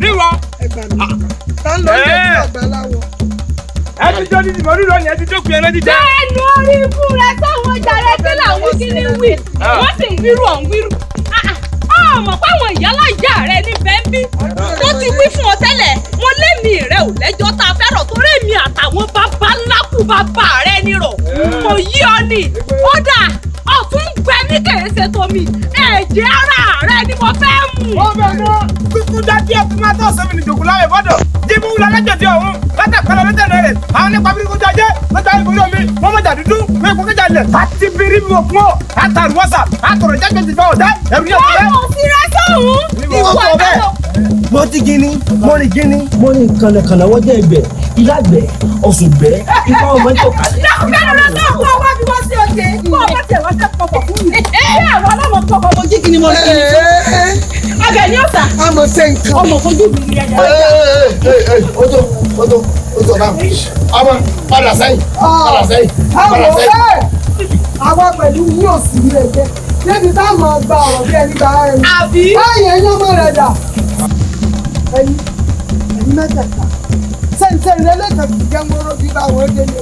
níwọ. ẹ gbà mí ta ló ń jẹ́ àgbàláwọ̀. Eh. ẹ ti jọ ní ìmọ̀ rírọ̀ yẹn ti dókun ẹran jíjẹ. bẹ́ẹ̀ni orí ikú rẹ sọ́hùn ọjà rẹ tí làwọn kiri wí ah. wọ́n sì ń wíru ọ̀hún wíru ah, ah. mọ̀ páwọn ìyálà ìyá rẹ ní bẹ́ńbí tó ti wí fún ọ tẹ́lẹ̀ wọn lémi rẹ ò lẹ́jọ́ tá a fẹ́ràn tó rẹ̀ àtàwọn bàbá ńlá kù bàbá rẹ nírọ̀ kò eh. yí ọ ni ó ọ̀tún gbẹ ní kèrèsè tómi ẹ̀jẹ̀ ara rẹ ni mo fẹ́ mú. ó bẹ mọ fífún dájú ẹ fún máa tọ́ sẹ́mi ní jòkó láwẹ̀ bọ́dọ̀ jíbú wúlọ alájọ̀dẹ ọ̀hún látàkọ́lọ́ lọ́tẹ̀ náà rẹ̀ àwọn nípa bí kò jẹ́ lọ́tà ìbúrí omi wọ́n mọ̀jà dúdú wọ́n èkó kẹjà lẹ̀ láti bírí mi òkun ọ̀ látàrí wọ́sà látọ̀rọ̀ jẹ́jẹ́ ti fẹ́ ọ̀dá ẹ̀rù ní ọ̀dá. ọ̀rọ̀ òfìrẹ́ sọ̀hún ìwọ ìbálò. mo ti gini mo rin gini mo rin kànlẹ̀kànlẹ̀ wọ́jọ́ ẹgbẹ́ ìlàgbẹ́ ọ̀sùn gbẹ́ ìfọwọ́mọ́tò kálẹ̀ bá bá tẹ̀ wá fẹ́ pọ̀pọ̀ fún mi. bí àwọn ọlọ́mọ pọ̀pọ̀ mo jí kí ni mo ṣe ní. abẹ ní ọ̀sà. a mọ̀ ṣe nǹkan. ọmọ fojú mi rí ẹja. o tó o tó o tó náà ọmọ àwa pẹ̀lú ní òsì rẹ̀ jẹ́ débi tá a máa gba ọ̀rọ̀ bí ẹni gba ẹni. àbí. báyìí ẹ̀yán mọ̀ rẹ̀ dà. ẹ̀yin ẹ̀yin mẹ́tẹ̀ẹ̀ta sẹ́ńtẹ̀ẹ̀rẹ̀ lẹ́kọ̀ọ́ kì í jẹ́ mọ́rọ́ bí báwọn ó délé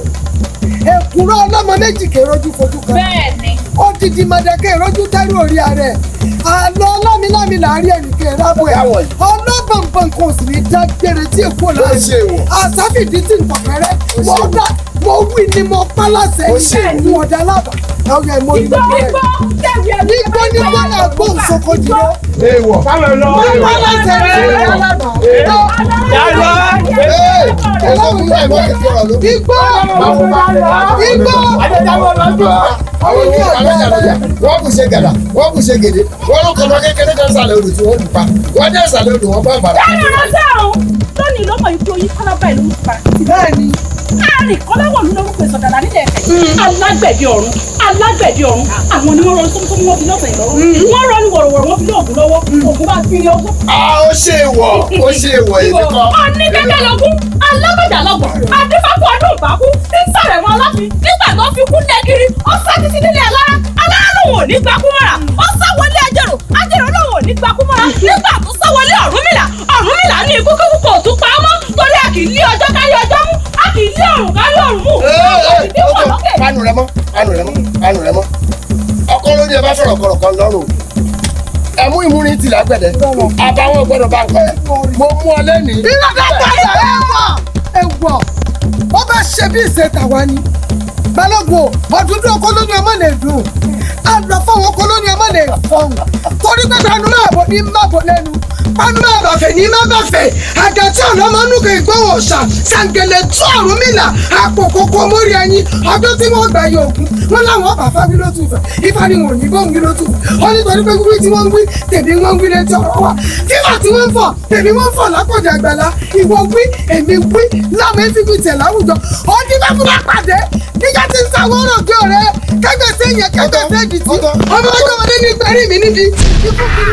èkúrọ́ ọlọ́mọ méjì kèròjú fojú kan bẹ́ẹ̀ni odidi mọ̀dẹ́kẹ́ ìrójú tẹ́rù orí ààrẹ àlọ́ ọlọ́mìnàmì láàrin ẹnìkan ẹ̀rọ abọ́ ẹ̀ ọlọ́bọ̀nbọ̀n kò sì ní dágbére tí èkó láàrin àsáfìdí tí nǹkan fẹ́rẹ́ wọ́n dá mo wí ni mo pa láṣẹ iṣẹ́ ìlú ọ̀dà alábà. ọ̀rẹ́ mo ní ìgbà rẹ̀ igbó ní bọ́lá gbóhùn sóko jùlọ. èèwọ̀ mo pa láṣẹ iṣẹ́ ìlú alábà. yàrá ẹ̀rọ mi náà ìwọ́n ti fi ọ̀rọ̀ lóbi. igbó igbó àwọn ní ọ̀dà wọ́n kù ṣe gàdà wọ́n kù ṣe gèdè wọ́n ló kọ́mọ kékeré kan sàlẹ̀ odò tí wọ́n lù pa wọ́n dé sàlẹ̀ odò wọn bá bàrà. bẹ́ẹ̀ ni rọ́ṣà òun lónìí lọ́mọ ìkú oyin kálábà ìlú pa. bẹ́ẹ̀ ni arìn kọ́láwọ̀ ló lórúkọ ìsọdàlà nílẹ̀ ẹ̀fẹ̀ alágbẹ̀dẹ ọ̀run alágbẹ̀dẹ ọ̀run àwọn ni wọ́n rọ sọ́mú sọ́mú wọn fi lọ́sẹ̀ lọ́wọ́ wọ́n rọ ní wọ̀rọ̀wọ̀rọ̀ wọn fi lé ògùn lọ́wọ́ ògùn bá fi lé ọgbọ́n. a ó ṣe wọ ó ṣe wọ èmi kan. ọ̀ní kẹ́kẹ́ lọ́gùn alábàjá lọ́gbọ̀n adébákú ọdún ìbákú ní sàrẹ̀mọ ọlọ́fin nígbà tó fi kú lẹ́ kiri ó sá títí nílé alára alára lòun ò ní gbakú mọ́ra ó sá wọlé ajẹ́rò ajẹ́rò lòun ò ní gbakú mọ́ra nígbà tó sá wọlé Ọ̀rúnmìlà Ọ̀rúnmìlà ní ikú kíkú kò tún pa á mọ́ torí a kì í lé ọjọ́ káyé ọjọ́ mú a kì í l sí ọ̀rùn ká yóò rùn mú. panu rẹ mọ panu rẹ mọ panu rẹ mọ ọkọ lórí ẹ bá sọ̀rọ̀ kọ̀rọ̀kọ̀ lọ́rùn ẹmú ìmúrin ti lágbẹ̀dẹ àbáwọn gbọ́dọ̀ bá ń pẹ mo mú ọ lẹni. ìrọ̀lẹ́ pẹ̀lú ẹ̀wọ̀ ẹ̀wọ̀ ó bá ṣe bí ìṣe tàwa ni balógun ọdún dún ọkọ lóyún ọmọ lè dùn àlọ́ fọwọ́ ọkọ lóyún ọmọ lè fọhùn torí pé dànù náà bò ní má bò lẹ́nu pánú má bàfẹ́ ní má bàfẹ́ àgàtì ọ̀nàmọ́nùkọ̀ ìgbọ́wọ̀ ṣà ṣàǹgẹ̀lẹ̀ tú Ọ̀rúnmìlà àpò kòkó mórí ẹyin ọdún tí wọ́n gbà yóò kú wọn làwọn ọba fáwọn ló tù fẹ́ ifá ni wọn ò ní bọ́ wọn ló tù ọ nítorí pé wíwí tí wọ́n ń wí tèmi wọ́n ń wí létí ọ̀rọ̀ wa fífà tí wọ́n ń fọ̀ tèmi wọ́n ń fọ̀ lápọ̀jà àgbàlá ìwọ wí èmi wí láwọn efigun tẹ̀ láwùjọ ó ní bá fún wa pàdé nígbà tí ń sáwọ́ ọ̀rọ̀ bí ọ̀rẹ́ kẹgbẹ̀sẹ̀ yẹn ọmọ ọjọ́ wọlé ní mi níbi ikú kiri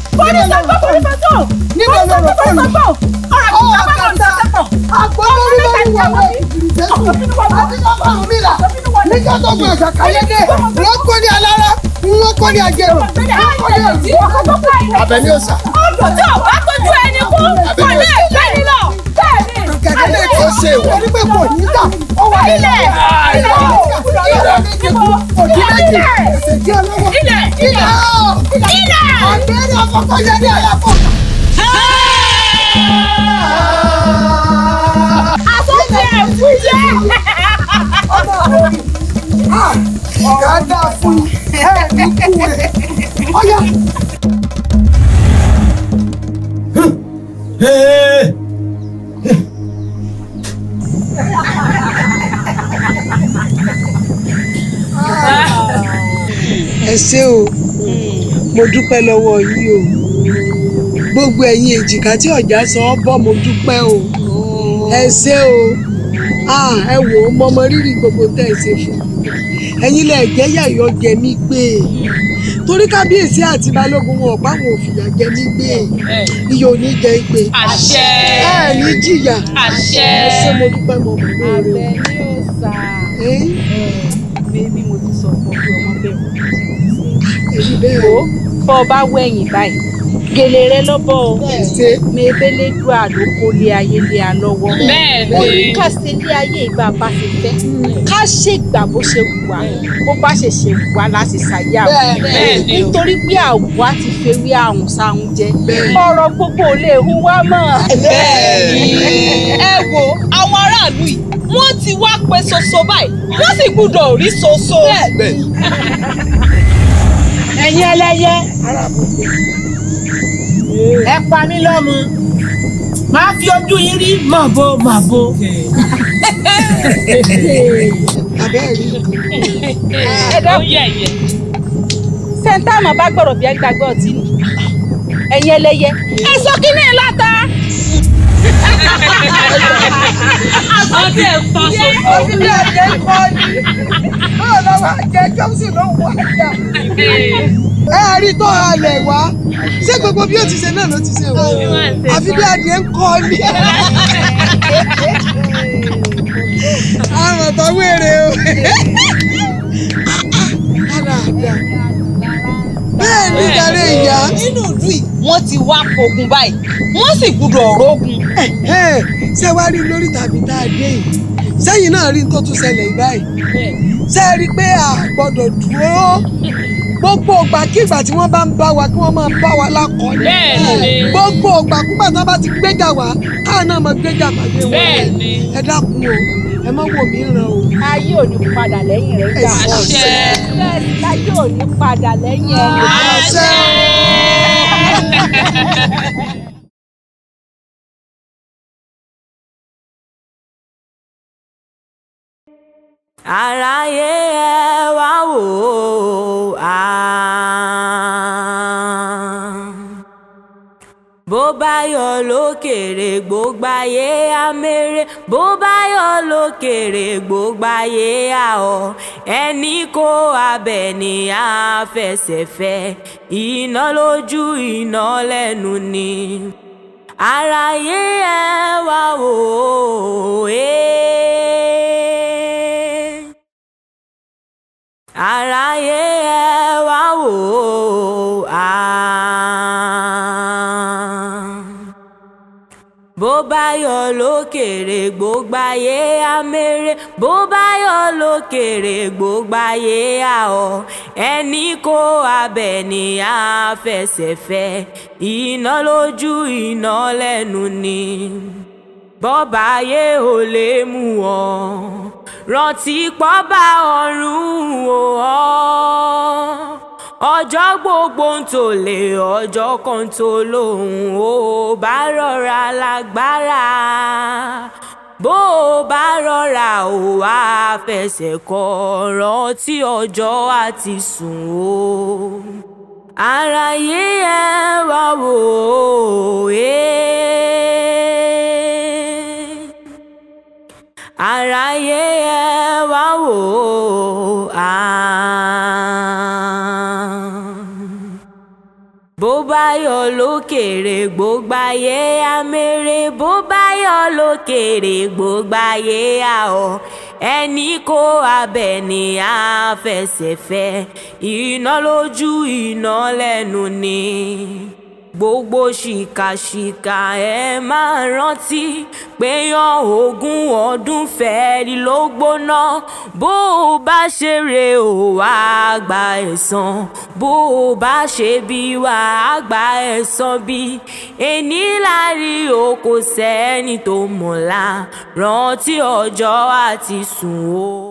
forí sọgbọ forí sọgbọ forí sọgbọ forí sọgbọ ọ̀rọ̀ mi ká bá wọn sọgbọ. àgbọ̀dọ̀ mi ló ń wọlé ìdìrìsẹ́sì àti ọgọ́rùn-ún mi là níjọ́ tó gbọ̀n ṣàkàyédè wọ́n kó ní alára wọ́n kó ní àjẹrò wọ́n kó ní ọ̀dí abẹ́ni òsà. ọ̀dọ̀ tí ò bá tójú ẹni kú kò ní ẹ̀fẹ́ ni ilé tó ṣe ìwọ ní pé kò ní kà ó wà ní ah, ilé ilé ilé méjì kú òjì méjì ẹsẹ̀ jẹ́ ọlọ́wọ́ ilé ilé ilé àgbẹ̀rẹ̀ ọkọ̀ọ̀kọ̀ yẹ ní ayàpọ̀. Ah! àtọ́jú ẹ̀ fún jẹ́. ọmọ òbí ah! fún ẹ̀ẹ́dì kú rẹ̀ ọ̀yà. Hey! ẹ ṣé o mo dúpẹ́ lọ́wọ́ yín o gbogbo ẹ̀yin èjìká tí ọ̀já sọ ọ́ bọ́ mo dúpẹ́ o ẹ ṣé o ẹ wò ó mọ ọmọ rírì gbogbo tẹ́ ẹ ṣe fún mi ẹ̀yin lẹ jẹ́ yàyọ́ jẹ mí gbé e torí kábíyèsí àti balógun wọn ọ̀pá wọn ò jẹ nígbè iye ò jẹ ìgbè àṣẹ ẹ ní jìyà àṣẹ ẹ mo dúpẹ́ mọ́ mọ́ lóore o. àbẹ̀ ni ó sà bí mo ti sọ fún ọmọ bẹ́ẹ̀ mo ti sọ. èyí bẹ́ẹ̀ o. bọ́ ọ wẹ̀yìn báyìí gèlè rẹ lọ́bọ̀ o mebele dúà ló kó lé ayé lé a lọ́wọ́ ó ní ká ṣe lé ayé ìgbà bá ṣe fẹ́ ká ṣègbà bó ṣe wù wá bó bá ṣe ṣe wù wá láti ṣàyè àwọn nítorí pé àwa ti fẹ́ wí àrùn sáhun jẹ ọ̀rọ̀ gbogbo ò lè hu wá mọ́. ẹ wo àwọn aráàlú yìí wọ́n ti wá pé ṣoṣo báyìí wọ́n sì gbúdọ̀ rí ṣoṣo. ẹ̀yin ẹlẹ́yẹ ẹ pa mí lọ́mọ máa fi ojú yín rí màbo màbo. ẹ dákun sẹńtà àmọ́ bá gbọ́rọ̀ bí ẹ gbàgbọ́ ọtí ni ẹ̀yin ẹlẹ́yẹ ẹ sọ kí ní ẹ láta ọdẹ ẹ á rí tó alẹ̀ wá ṣé gbogbo bí ó ti ṣe náà ló ti ṣe o àfi bí adìẹ ń kọ́ ni. àrùn ọ̀tọ̀ wéèrè o. bẹ́ẹ̀ ni jàre ìyá. nínú ìlú yìí wọ́n ti wá kogun báyìí wọ́n sì gbúdọ̀ rógun. ṣé wàá rí lórí tàbí tá a dé yìí sẹ́yìn náà rí tó tún ṣẹlẹ̀ báyìí ṣé ẹ rí i pé a gbọ́dọ̀ dúró gbogbo ògbà kígbà tí wọ́n bá ń bá wa kí wọ́n máa bá wa lákọ̀ọ́lẹ̀ bẹ́ẹ̀ni gbogbo ògbà kúgbà tí wọ́n bá ti gbéjà wá káà náà máa gbéjà màgbé wọn bẹ́ẹ̀ni ẹ dákun o ẹ má wò mí ràn o. ayé ò ní padà lẹ́yìn rẹ̀ gbà. ẹ ṣe é bẹ́ẹ̀ láyé ò ní padà lẹ́yìn ẹ̀yìn. àṣẹ. àráyé ẹ wá wò ó bó bá yọ lókèrè gbógbáyé amèrè bó bá yọ lókèrè gbógbáyé àọ ẹni kó abẹ ní àfẹsẹ̀fẹ̀ iná lójú iná lẹ́nu ni àráyé ẹ wá wò ó àráyé ẹ wá wò ó. bá yọ lókèrè gbogbayé amèrè bó bá yọ lókèrè gbogbayé àọ ẹni kó abẹ ní àfẹsẹ̀fẹ́ iná lójú iná lẹ́nu ni bọ́ba ò lè mú ọ rántí pọ́ba ọ̀run ò ọ́ ọjọ́ gbogbo ń tòlè ọjọ́ kan tó lòun ò bá rọra lágbára bó o bá rọra ò wá fẹsẹ̀ kọ ọ̀rọ̀ tí ọjọ́ àti sùn o àráyé ẹ wá wò ó àráyé e. ẹ wá wò ó. bá yọ lókèrè gbogbayé amèrè bó bá yọ lókèrè gbogbayé àọ ẹni kó abẹni àfẹsẹ̀fẹ̀ iná lójú iná lẹ́nu ni gbogbo ṣìkàṣìkà ẹ máa rántí pé yan ogún ọdún fẹ́ẹ́rí ló gbóná bó o bá ṣeré o wá gba ẹ̀san bó o bá ṣe bí wá gba ẹ̀san bí ẹni láàrí o kò sẹ́ni tó mọ̀la rántí ọjọ́ àti sùn o.